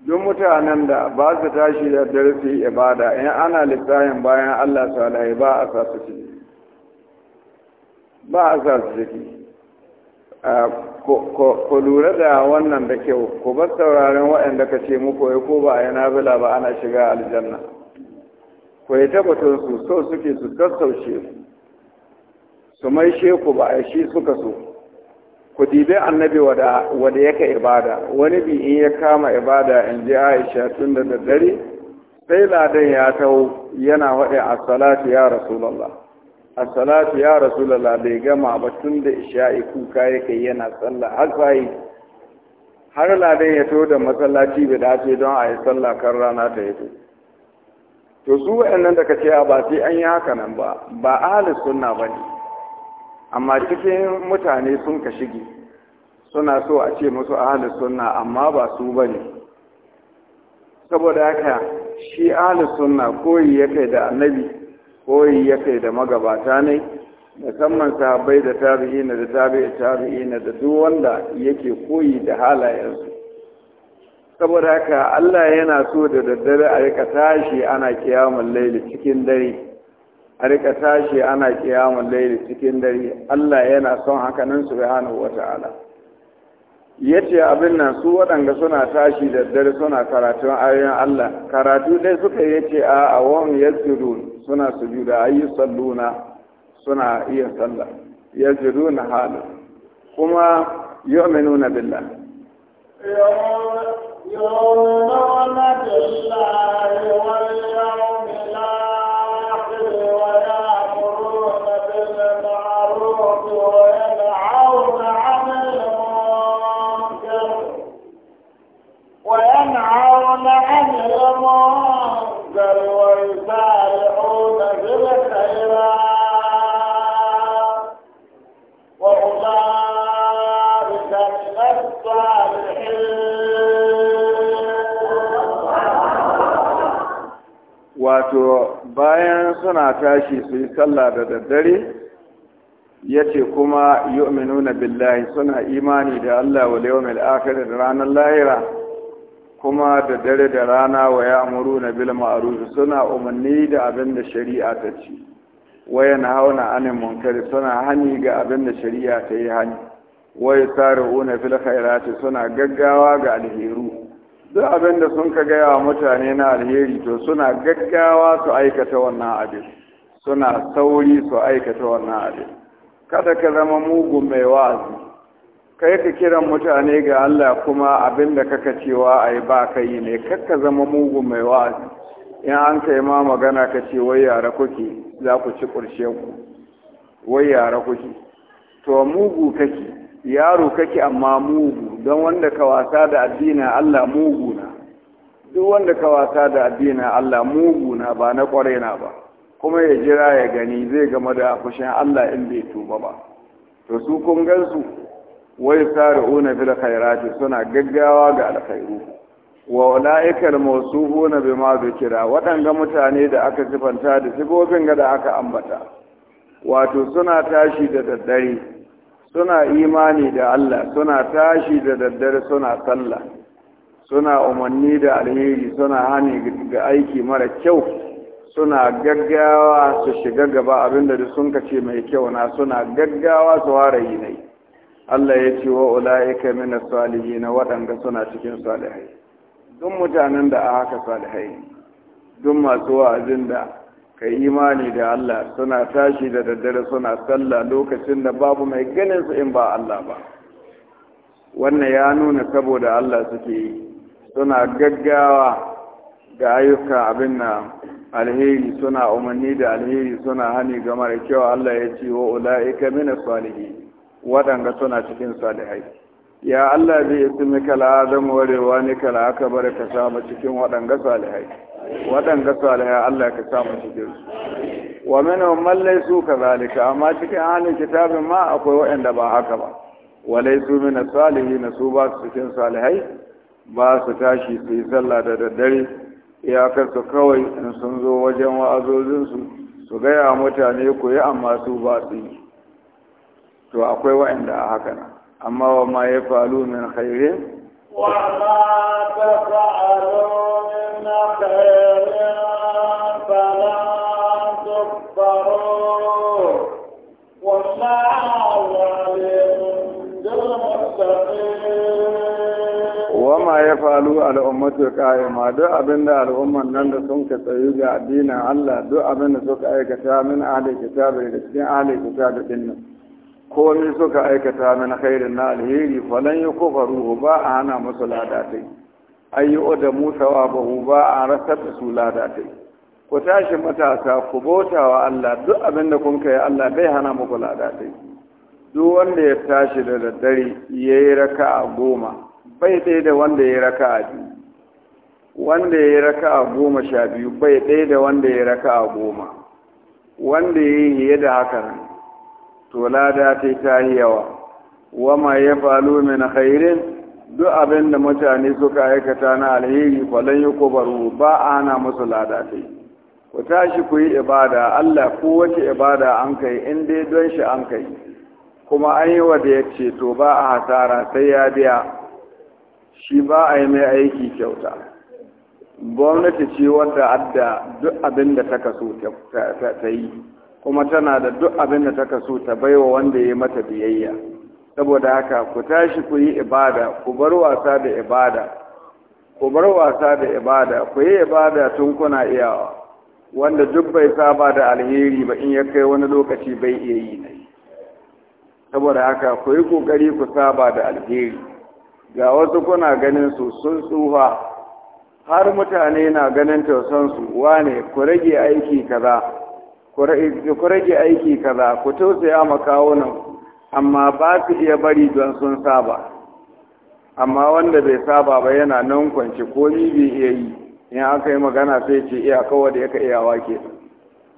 duk mutanen da ba su tashi da darasi ibada in ana littafin bayan Allah salihai ba a sa su ba a sa su ciki ku lura da wannan da kyau ku bar sauraron waɗanda ka ce muku ya ko ba a yana ba ana shiga aljanna ku yi tabbatar su so suke su sassaushe su mai sheku ba a shi suka so ku dibe annabi wada yaka ibada wani bi in ya kama ibada in ji aisha tun da daddare sai ladan ya taho yana waɗe a salatu ya rasulallah a salatu ya rasulallah bai gama ba tun da isha'i kuka yake yana sallah har sai har ladan ya to da masallaci bai dace don a yi sallah kan rana ta yi to su waɗannan da ka ce ba sai an yi haka nan ba ba ahalus sunna ba ne amma cikin mutane sun ka shige suna so a ce musu ahalus sunna amma ba su ba ne saboda haka shi ahalus sunna koyi ya da annabi koyi ya kai da magabata ne musamman sahabbai da na da tabi'i na da duk wanda yake koyi da halayensu saboda haka Allah yana so da daddare a rika tashi ana kiyamun laili cikin dare a rika tashi ana kiyamun laili cikin dare Allah yana son haka nan subhanahu wata'ala ya ce abin nan su waɗanda suna tashi da dare suna karatun ayoyin Allah karatu dai suka yi ce a awon yasjudun suna sujuda ayi salluna suna iya sallah na halu kuma yu'minuna billah يوم ولد الله واليوم الآخر الذكر ويسارعون في الخيرات wato bayan suna tashi su yi sallah da daddare ya ce kuma yu'minuna billahi suna imani da Allah wa yawmil akhir da ranar lahira kuma da dare da rana wa ya amuru na bil ma'ruf suna umarni da abin da shari'a ta ce na hauna anin munkari suna hani ga abin da shari'a ta yi hani wai una fil khairati suna gaggawa ga alheru duk abin da sun ka gaya wa mutane na alheri to suna gaggawa su aikata wannan abin suna sauri su aikata wannan abin kada ka zama mugun mai wa'azi kai ka kiran mutane ga Allah kuma abin da kaka cewa a yi ba ka yi ne kakka zama mugu mai wa'azi in an kai ma magana ka ce wai yara kuke za ku ci ƙurshe ku wai yara kuke to mugu kake yaro kake amma mugu don wanda ka wasa da addinin Allah mugu na duk wanda ka wasa da addinin Allah mugu na ba na ƙware na ba kuma ya jira ya gani zai gama da fushin Allah in bai tuba ba to su kun gansu wai na fil khairati suna gaggawa ga alkhairu wa ulaikal ma bima kira waɗanga mutane da aka sifanta da sigogin ga da aka ambata wato suna tashi da daddare suna imani da Allah suna tashi da daddare suna sallah suna umarni da alheri suna hani ga aiki mara kyau suna gaggawa su shiga gaba abinda da sun kace mai kyau na suna gaggawa su ware yi Allah ya ce wa ula'ika min na waɗanda suna cikin salihai duk mutanen da a haka salihai duk masu wa'azin da ka imani da Allah suna tashi da daddare suna sallah lokacin da babu mai ganin su in ba Allah ba wannan ya nuna saboda Allah suke yi suna gaggawa ga ayyuka abin na alheri suna umarni da alheri suna hani ga mara kyau Allah ya ce wa ula'ika min salihin waɗanda suna cikin salihai ya Allah bi ismika la adam warewa ne kala aka bar ka samu cikin waɗanga salihai waɗanga salihai Allah ka samu cikin su wa mallai su laysu kadhalika amma cikin halin kitabin ma akwai waɗanda ba haka ba wa laysu min salihin su ba su cikin salihai ba su tashi su yi sallah da daddare iyakar su kawai in sun zo wajen wa'azozin su su gaya mutane ku yi amma su ba su yi to akwai wa'anda a haka na amma wa ma ya falu min khairin wa ma ta fa'alu min khairin falan tukfaru wallahu alimun bil muttaqin wa ma ya falu al'ummatu qa'ima duk abinda al'umman nan da sun ka tsayu ga addinin Allah duk abinda suka aikata min ahli kitabi da cikin ahli kitabi din nan komai suka aikata min khairin na alheri falan yi ruhu ba a hana musu ladatai yi da musa wa bahu ba a rasar da su ladatai ku tashi matasa ku bauta wa Allah duk abin da kun kai Allah bai hana muku ladatai duk wanda ya tashi da daddare ya yi raka a goma bai ɗaya da wanda ya yi raka a biyu wanda ya yi raka a goma sha biyu bai ɗaya da wanda ya yi raka a goma wanda ya yi da haka nan to lada ta yi yawa wama ya falo min khairin duk abin da mutane suka aikata na alheri falon yi kubaru ba ana musu lada ta ku tashi ku yi ibada allah ko wace ibada an kai in dai don shi an kai kuma an yi wa da ce to ba a hasara sai ya biya shi ba a yi mai aiki kyauta gwamnati ce wanda adda duk abin da ta kaso ta yi kuma tana da duk abin da ta kaso ta baiwa wanda ya yi mata biyayya saboda haka ku tashi ku yi ibada ku bar wasa da ibada ku bar wasa da ibada ku yi ibada tun kuna iyawa wanda duk bai saba da alheri ba in ya kai wani lokaci bai iya yi ne saboda haka ku yi kokari ku saba da alheri ga wasu kuna ganin su sun tsufa har mutane na ganin tausansu wane ku rage aiki kaza ku rage aiki kaza ku tausaya ma nan, amma ba su iya bari don sun saba amma wanda bai saba ba yana nan kwanci ko ni bai iya yi in aka yi magana sai ce iya eh, kawai da yaka iyawa ke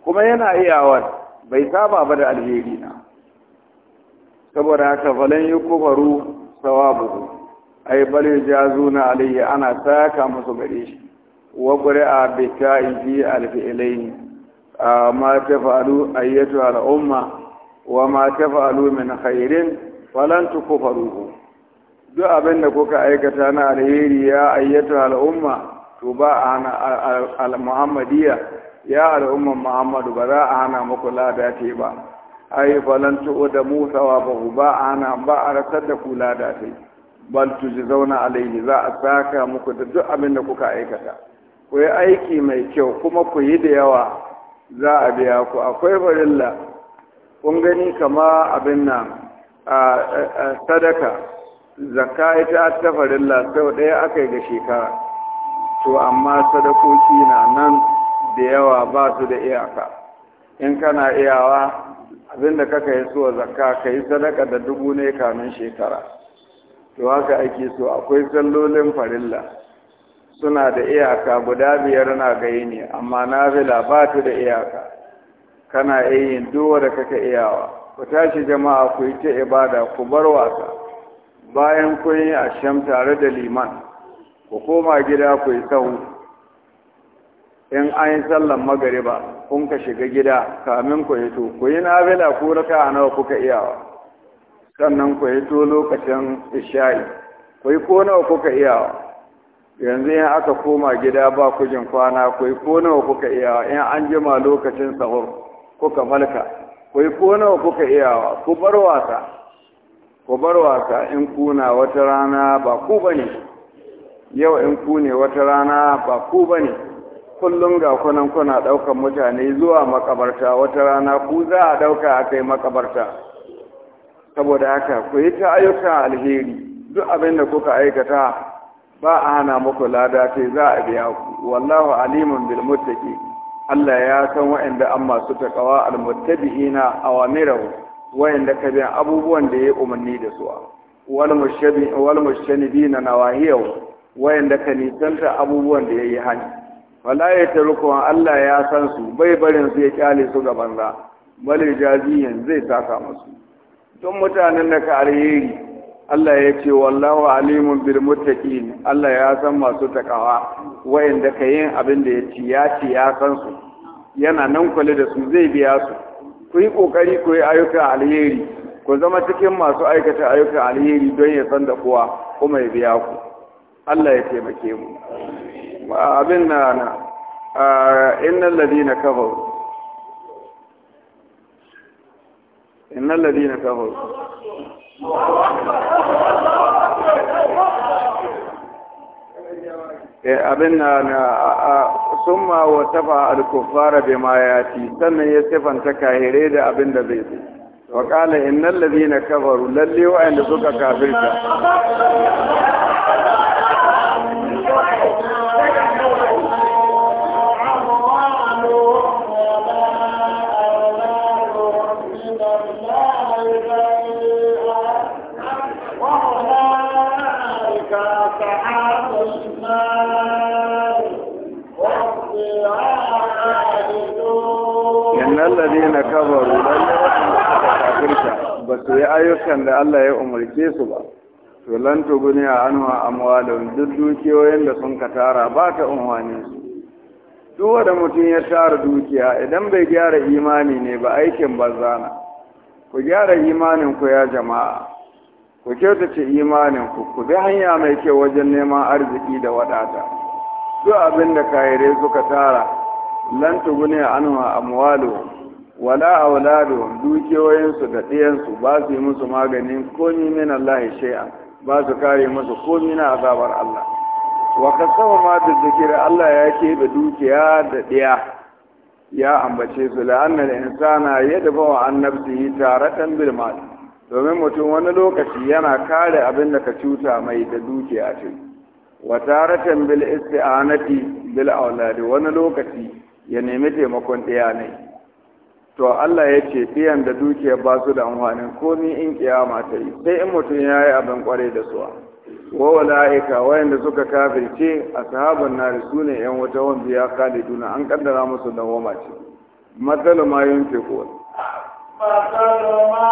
kuma yana iyawar bai saba ba da alheri na saboda haka falon yi kufaru sawabu ai bal na alayya ana saka musu gare shi wa ta bi alfi'ilai ne ما تفعلوا أيتها الأمة ma تفعلوا من خير فلن تكفروه duk abin da kuka aikata na alheri ya ayyatu al'umma to ba a hana al-muhammadiyya ya al'umman muhammadu ba za a hana muku lada ce ba ai falan tu'u da musa wa ba a hana ba a rasar da ku lada ce bal zauna alaihi za a saka muku da duk abin da kuka aikata ku yi aiki mai kyau kuma ku yi da yawa za a biya ku akwai farilla kun gani kama abin nan sadaka zakka ita ta farilla sau ɗaya aka yi ga shekara to amma sadakoki na nan da yawa ba su da iyaka in kana iyawa abinda kaka yi so zakka ka yi sadaka da dubu ne kamin shekara to haka ake so akwai sallolin farilla suna da iyaka guda biyar na gayi ne amma nafila ba ta da iyaka kana yin duwa da kaka iyawa ku tashi jama'a ku yi ta ibada ku bar wasa bayan kun yi asham tare da liman ku koma gida ku yi sahu in an yi sallan magariba kun ka shiga gida kamin ku to ku yi nafila ku raka nawa kuka iyawa sannan ku to lokacin isha'i ku yi ko nawa kuka iyawa yanzu in aka koma gida ba kujin jin kwana ku yi ko nawa kuka iyawa in an jima lokacin sahur kuka malka ku yi ko nawa kuka iyawa ku bar wasa ku bar wasa in kuna wata rana ba ku bane yau in ku ne wata rana ba ku bane kullum ga kunan kuna ɗaukan mutane zuwa makabarta wata rana ku za a ɗauka a kai makabarta saboda haka ku yi ta ayyukan alheri duk abin da kuka aikata ba a hana muku lada sai za a biya ku wallahu alimun bil muttaqi Allah ya san wa'anda an masu takawa al muttabi'ina awamirahu wa'anda ka biya abubuwan da ya umarni da su wal mushabi wal mushanibina nawahiyahu wa'anda ka nisanta abubuwan da yayi hani wala ya Allah ya san su bai barin su ya kyale su gaban za bal jaziyan zai saka musu don mutanen da ka alheri Allah ya ce wallahu alimun bil muttaqin Allah ya san masu takawa wayanda ka yin abin da ya ci ya ci ya san su yana nan kwale da su zai biya su ku yi kokari ku yi ayyukan alheri ku zama cikin masu aikata ayyukan alheri don ya san da kowa kuma ya biya ku Allah ya taimake mu abin na na innal ladina kafaru innal ladina kafaru Eh, abin na summa wa tafa al-kuffara bima yati sannan ya sifanta kahire da abin da zai zo wa qala innal ladina kafaru lalle wa'anda suka kafirta ba su yi ayyukan da Allah ya umarce su ba to lan tuguniya anwa amwalun duk dukiyoyin da sun ka tara ba ta unwani su duk wanda mutum ya tara dukiya idan bai gyara imani ne ba aikin bazana ku gyara imanin ku ya jama'a ku kyautace imanin ku ku bi hanya mai kyau wajen neman arziki da wadata duk abin da kayare suka tara lan tuguniya anwa amwalu wala auladu dukiyoyinsu da ɗiyansu ba su yi musu maganin komi min Allah shay'an ba su kare musu komi na azabar Allah wa kasama ma da zikira Allah ya keɓe dukiya da ɗiya ya ambace su la'annal insana yadfa an nafsihi taratan bil mal domin mutum wani lokaci yana kare abin da ka cuta mai da dukiya ce wa taratan bil isti'anati bil auladi wani lokaci ya nemi taimakon ɗiya ne to Allah ya ce ɗiyan da dukiyar ba su da amfanin komi in kiyama ta yi sai in mutum ya yi abin kwarai da suwa wa wala'ika wayanda suka kafirce ashabun nari su ne yan wata wanda ya duna an kaddara musu goma ce matsalu ma yin matsalu ma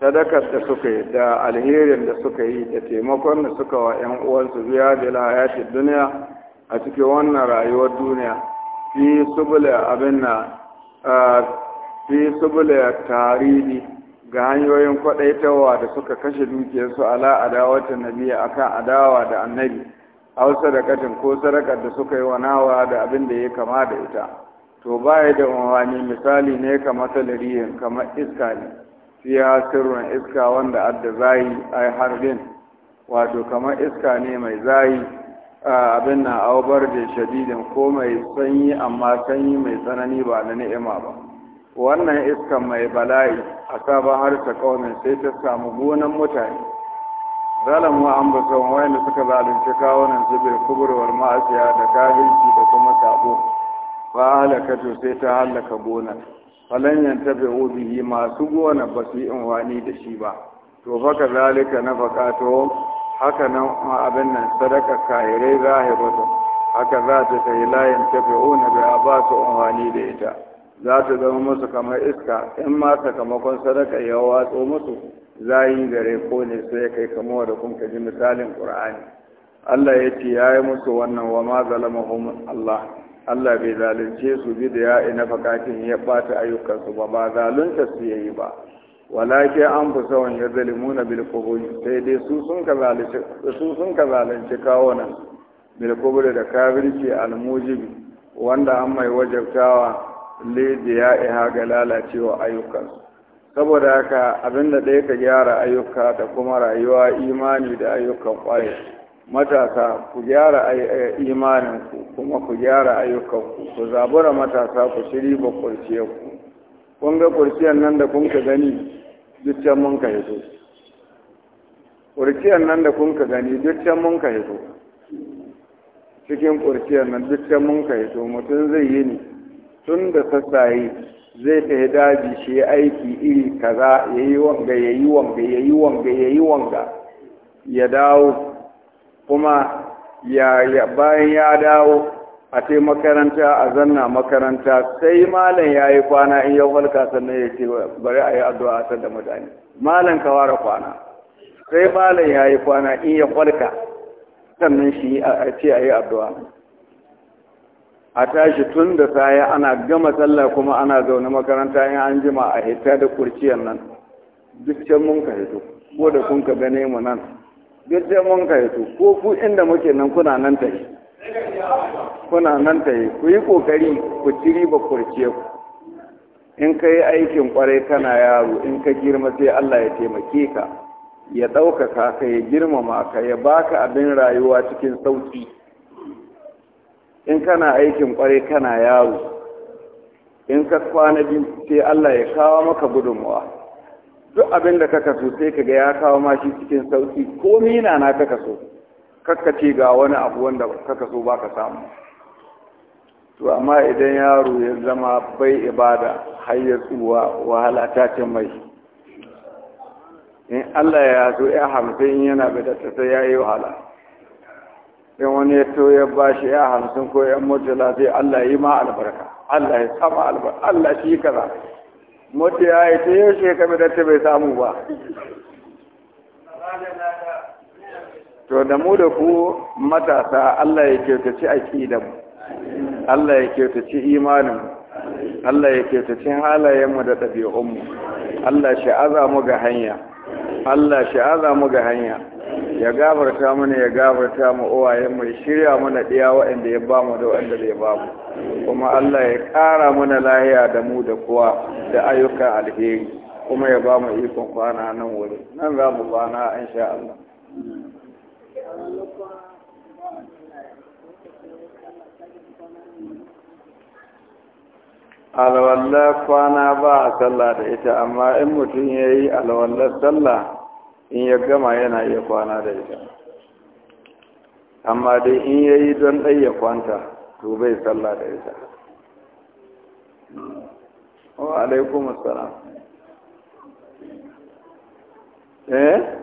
sadakar da suka yi da alherin da suka yi da taimakon da suka wa 'yan uwansu biya da lahayatin duniya a cikin wannan rayuwar duniya fi subula abin na fi subula tarihi ga hanyoyin kwadaitawa da suka kashe dukiyarsu ala adawatin nabi akan adawa da annabi da sadakatin ko sadakar da suka yi wa nawa da abin da ya kama da ita to baya da wani misali ne kamar talariyin kamar iska ne fiya sirrin iska wanda adda zayi ai harbin wato kamar iska ne mai zayi abin na aubar da shadidin ko mai sanyi amma sanyi mai tsanani ba na ni'ima ba wannan iska mai bala'i a sabon harsa kaunin sai ta samu gonan mutane zalamu an ba son wayanda suka zalunci kawunan su kuburwar ma'asiya da kafinci da kuma sabo ba halaka to sai ta halaka gonar falan yantafi'u bihi masu gona ba su yi amfani da shi ba to faka zalika na fakato haka nan abin nan sadaka kahirai zahiratu haka za ta sai layin tafi'una bai ba su wani da ita za ta zama musu kamar iska in ma sakamakon sadaka ya watso musu zayi gare ko ne sai kai kamo da kun ji misalin qur'ani Allah ya ce ya yi musu wannan wa ma zalamahum Allah Allah bai zalunce su bi da ya'i na fakatin ya ɓata ayyukansu ba ba zalunta su ya yi ba walakin an fi sawan ya zalimu na bilkubuli sai dai su sun ka zalunci kawo nan bilkubuli da kafirci almujibi wanda an mai wajabtawa le da ya'i ha ga lalacewa ayyukansu saboda haka abinda ɗaya ka gyara ayyuka da kuma rayuwa imani da ayyukan ƙwayar matasa ku gyara imaninku kuma ku gyara ayyukanku ku zabura matasa ku shiri ba kurciyarku kun ga kurciyar nan da kun ka gani duk can mun ka hito kurciyar nan da kun ka gani duk can mun ka hito cikin kurciyar nan duk can mun ka hito mutum zai yi ni tun da sassaye zai yi daji shi aiki iri kaza yi wanga yi wanga yayi wanga wanga ya dawo kuma ya bayan ya dawo a ce makaranta a zanna makaranta sai malam ya yi kwana in yau halka sannan ya ce bari a yi addu'a a da mutane malam ka ware kwana sai malam ya yi kwana in ya halka sannan shi a ce a yi addu'a a tashi tun da saye ana gama sallah kuma ana zaune makaranta in an jima a hita da kurciyar nan duk can mun ka hito ko da kun ka gane mu nan yadda mun ka yato ko ku inda muke nan kuna nan ta yi kuna nan ta yi ku yi kokari ku ci riba kurce ku in ka yi aikin kwarai kana yaro in ka girma sai Allah ya taimake ka ya ɗaukaka ka ya girmama ka ya baka abin rayuwa cikin sauki in kana aikin kwarai kana yaro in ka kwana biyu sai Allah ya kawo maka gudunmawa duk abin da kaka so sai ka ga ya kawo ma shi cikin sauki ko mina na kaka so kakka ce ga wani abu wanda kaka so baka samu to amma idan yaro ya zama bai ibada har ya tsuwa wahala ta ce mai in Allah ya so ya hamsin yana bada ta ya yi wahala in wani ya to ya bashi ya hamsin ko ya mutu lafiya Allah yi ma albarka Allah ya sama albarka Allah shi kaza mutu ya yi ta yau shekaru da ta bai samu ba to da mu da ku matasa Allah ya kyautaci aqidan Allah ya kyautaci imanin Allah ya kyautaci halayenmu da ɗabi'unmu Allah shi mu ga hanya Allah shi mu ga hanya ya gabarta mana ya gabarta mu uwayen mu shirya mana ɗiya waɗanda ya ba mu da waɗanda bai mu kuma Allah ya ƙara mana lahiya da mu da kowa da ayyuka alheri kuma ya ba mu ikon kwana nan wuri nan za mu kwana in sha Allah alwallar kwana ba a sallah da ita amma in mutum ya yi alwallar sallah in ya gama yana iya kwana da ita amma dai in ya yi don ɗai ya kwanta to bai salla da ita wa alaikum eh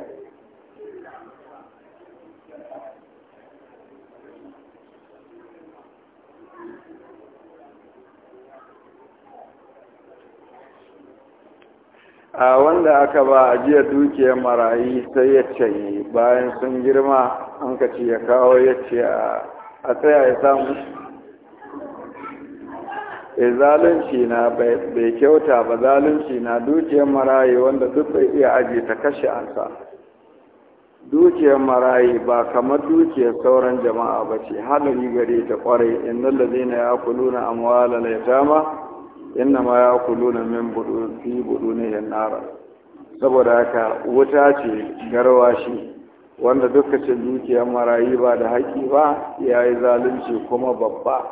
a wanda aka ba a jiya dukiyar marayi sai ya ce bayan sun girma an ka ce ya kawo ya ce a tsaya ya samu e zalunci na bai kyauta ba zalunci na dukiyar marayi wanda duk bai iya aji ta kashe sa, dukiyar marayi ba kamar dukiyar sauran jama'a ba ce halari gare ta kwarai inna Lalina ya kuluna amwala laitama inna ma ya kulu na min budu fi budu ne yan nara saboda haka wuta ce garwashi wanda duka ce dukiyar marayi ba da haƙi ba ya yi zalunci kuma babba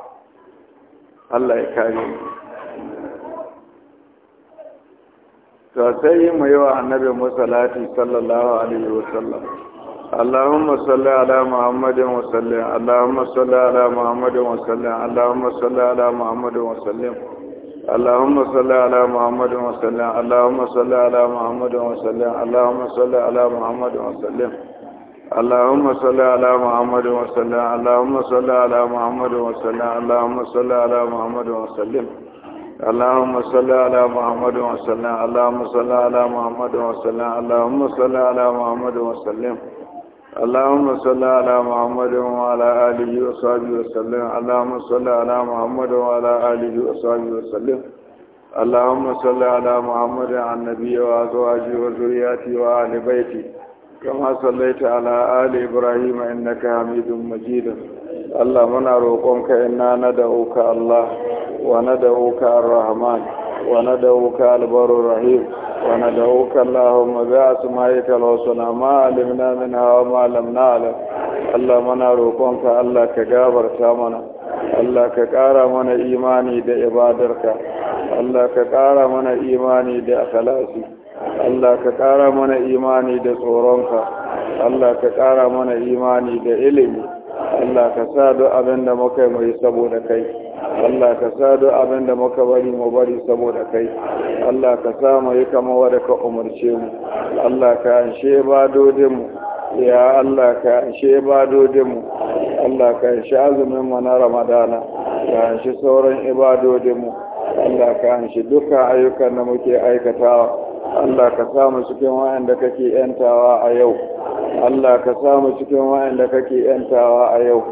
Allah ya kare to sai mu yi wa annabi musallati sallallahu alaihi wasallam اللهم صل على محمد وسلم اللهم صل على محمد وسلم اللهم صل على محمد وسلم اللهم صل على محمد وسلم اللهم صل على محمد وسلم اللهم صل على محمد وسلم اللهم صل على محمد وسلم اللهم صل على محمد وسلم اللهم صل على محمد وسلم اللهم صل على محمد وسلم اللهم صل على محمد وسلم اللهم صل على محمد وسلم اللهم صل على محمد وعلى آله وصحبه وسلم اللهم صل على محمد وعلى آله وصحبه وسلم اللهم صل على محمد عن النبي وأزواجه وذرياته وآل بيته كما صليت على آل إبراهيم إنك حميد مجيد اللهم نروقك إنا ندعوك الله وندعوك الرحمن وندعوك البر الرحيم وندعوك اللهم بأسمائك الحسنى ما علمنا منها وما لم نعلم اللهم نروقك الله كجابر سامنا Allah ka ƙara mana imani da ibadarka, Allah ka ƙara mana imani da akhlasi, Allah ka ƙara mana imani da tsoronka, Allah ka ƙara mana imani da ilimi, Allah ka sa duk abin da muka yi saboda kai, Allah ka sa duk muka bari mu bari saboda kai, Allah ka samu yi kama wadda ka umarce mu Allah ka anshe mu. ya Allah ka anshe mu. Allah ka anshe azumin mu na Ramadana ka anshe sauran mu. Allah ka anshe dukkan ayyukan da muke aikatawa Allah ka samu cikin da kake yantawa a yau Allah ka samu cikin da kake yantawa a yau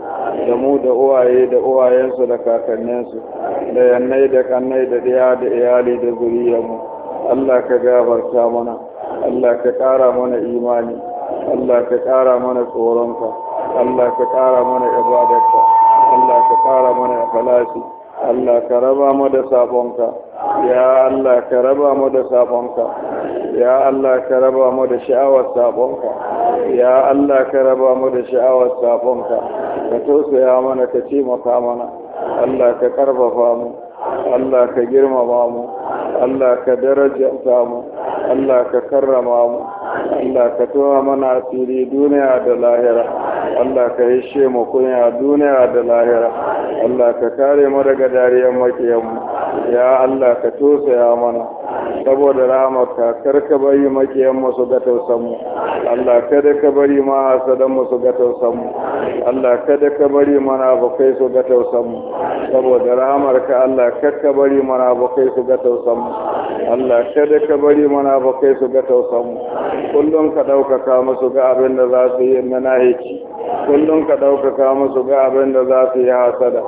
da mu da uwaye da uwayensu da kakanninsu da yannai da kannai da ɗaya da iyali da zuriyarmu Allah ka gafarta mana Allah ka ƙara mana imani Allah ka ƙara mana tsoronka Allah ka ƙara mana ibadarka Allah ka ƙara mana al-falasi. Allah ka raba mu da sabonka ya Allah ka raba mu da sabonka ya Allah ka raba mu da sha'awar sabonka ya Allah ka raba mu da sha'awar sabonka ka tausaya mana ka ce taimaka mana Allah ka karfafa mu Allah ka girmama mu Allah ka darajanta mu Allah ka karrama mu Allah ka towa mana asiri duniya da lahira Allah ka hishe mu kunya duniya da lahira Allah ka kare mu daga dariyar makiyanmu ya Allah ka tosaya mana saboda rahamarka kar ka bari mu su ga tausanmu Allah kada ka bari ma mu su ga tausanmu Allah kada ka bari mana bakai su ga tausanmu saboda rahamarka Allah kar ka bari mana bakai su ga tausanmu Allah kada ka bari mana bakai su ga tausanmu kullum ka ɗaukaka musu ga abin da za su yi manahici kullum ka ɗaukaka musu ga abin da za su yi hasada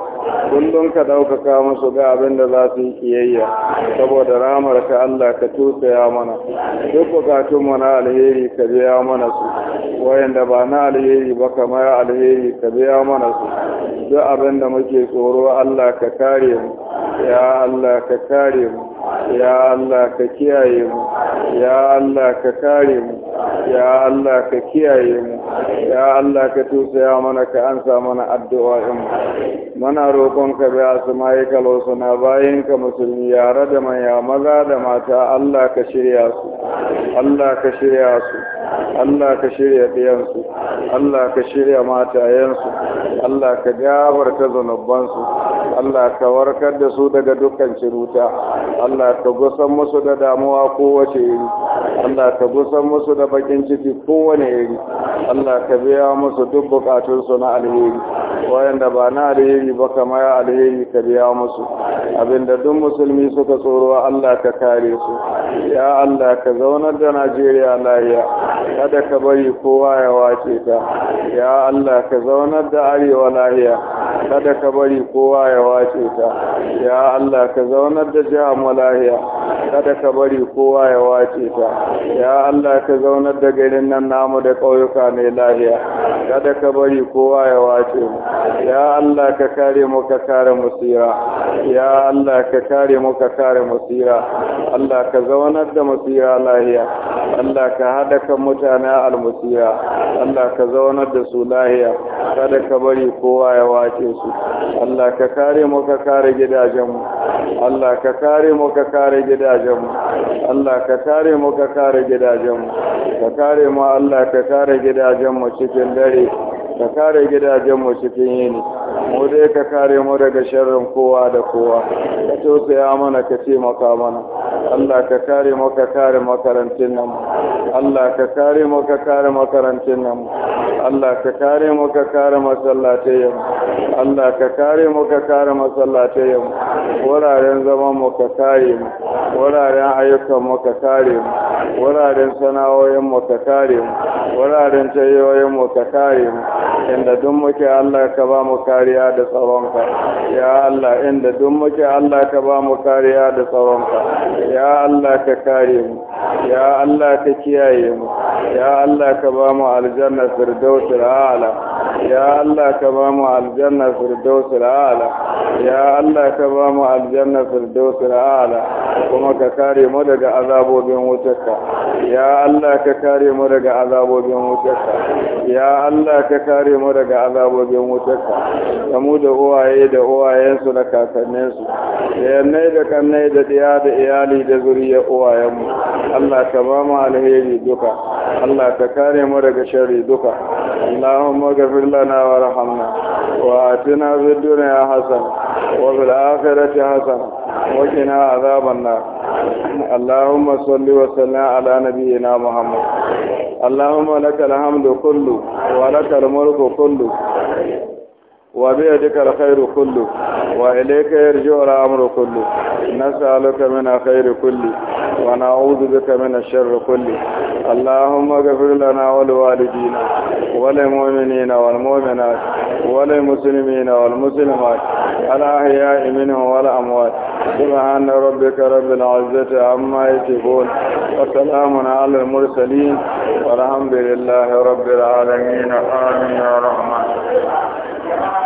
kullum ka ɗaukaka musu ga abin da za su yi kiyayya saboda ramar ka Allah ka ya mana duk bukatun mu na alheri ka biya mana su wayanda ba na alheri ba kamar alheri ka biya mana su duk abin da muke tsoro Allah ka kare mu ya Allah ka kare mu ya Allah ka kiyaye mu ya Allah ka kare mu ya Allah ka kiyaye mu ya Allah ka tusaya mana ka ansa mana addu'o'in mu muna roƙon ka bi kalo suna bayan ka musulmi yare da manya maza da mata Allah ka shirya su Allah ka shirya su Allah ka shirya su Allah ka shirya matayensu Allah ka gabarta zunubansu Allah ka warkar da su daga dukkan ciruta Allah ka gusan musu da damuwa kowace iri Allah ka gusan musu da bakin ciki kowane iri Allah ka biya musu duk bukatunsu na alheri wayanda ba na alheri ba kamar alheri ka biya musu abinda duk musulmi suka tsoro Allah ka kare su ya Allah ka zaunar da Najeriya lahiya kada ka bari kowa ya wace ta ya Allah ka zaunar da arewa lahiya kada ka bari kowa ya wace ta ya Allah ka zaunar da jihar mu lahiya kada ka bari kowa ya wace ta ya Allah ka zaunar da garin nan namu da ƙauyuka ne lahiya kada ka bari kowa ya wace mu ya Allah ka kare mu ka kare musira ya Allah ka kare mu ka kare musira Allah ka zaunar da musira lahiya Allah ka hada kan mutane musira. Allah ka zaunar da su lahiya kada ka bari kowa ya wace su Allah ka kare mu ka kare gidajen mu Allah ka kare mu ka kare gidajen mu Allah ka kare mu ka kare gidajen mu ka kare mu Allah ka kare gidajen mu cikin dare ka kare gidajenmu cikin yini mu dai ka kare mu daga sharrin kowa da kowa ka tausaya mana ka taimaka mana Allah ka kare mu ka kare makarantun nan Allah ka kare mu ka kare makarantun nan Allah ka kare mu ka kare masallatai Allah ka kare mu ka kare masallatai wuraren zaman mu ka kare mu wuraren ayyukan mu ka kare mu wuraren sana'o'in mu ka kare mu wuraren tayoyin mu ka kare mu inda duk muke Allah ka ba mu kariya da tsaronka ya Allah inda duk muke Allah ka ba mu kariya da tsaronka ya Allah ka kare mu ya Allah ka kiyaye mu ya Allah ka ba mu aljanna firdausul a'la ya Allah ka ba mu aljanna firdaus ala ya Allah ka ba mu aljanna firdaus ala kuma ka kare mu daga azabobin wutarka ya Allah ka kare mu daga azabobin wutarka ya Allah ka kare mu daga azabobin wutarka da mu da uwaye da uwayensu da kakanninsu da yannai da kannai da diya da iyali da zuriyar uwayenmu Allah ka ba mu alheri duka Allah ka kare mu daga sharri duka Allahumma ghafir lana warhamna wa atina fid dunya hasana wa fil akhirati hasana وقنا عذاب النار اللهم صل وسلم على نبينا محمد اللهم لك الحمد كله ولك الملك كله وبيدك الخير كله وإليك يرجع الأمر كله نسألك من الخير كله ونعوذ بك من الشر كله اللهم اغفر لنا ولوالدينا وللمؤمنين والمؤمنات وللمسلمين والمسلمات الأحياء منهم والأموات سبحان ربك رب العزة عما يصفون وسلام على المرسلين والحمد لله رب العالمين آمين يا رحمن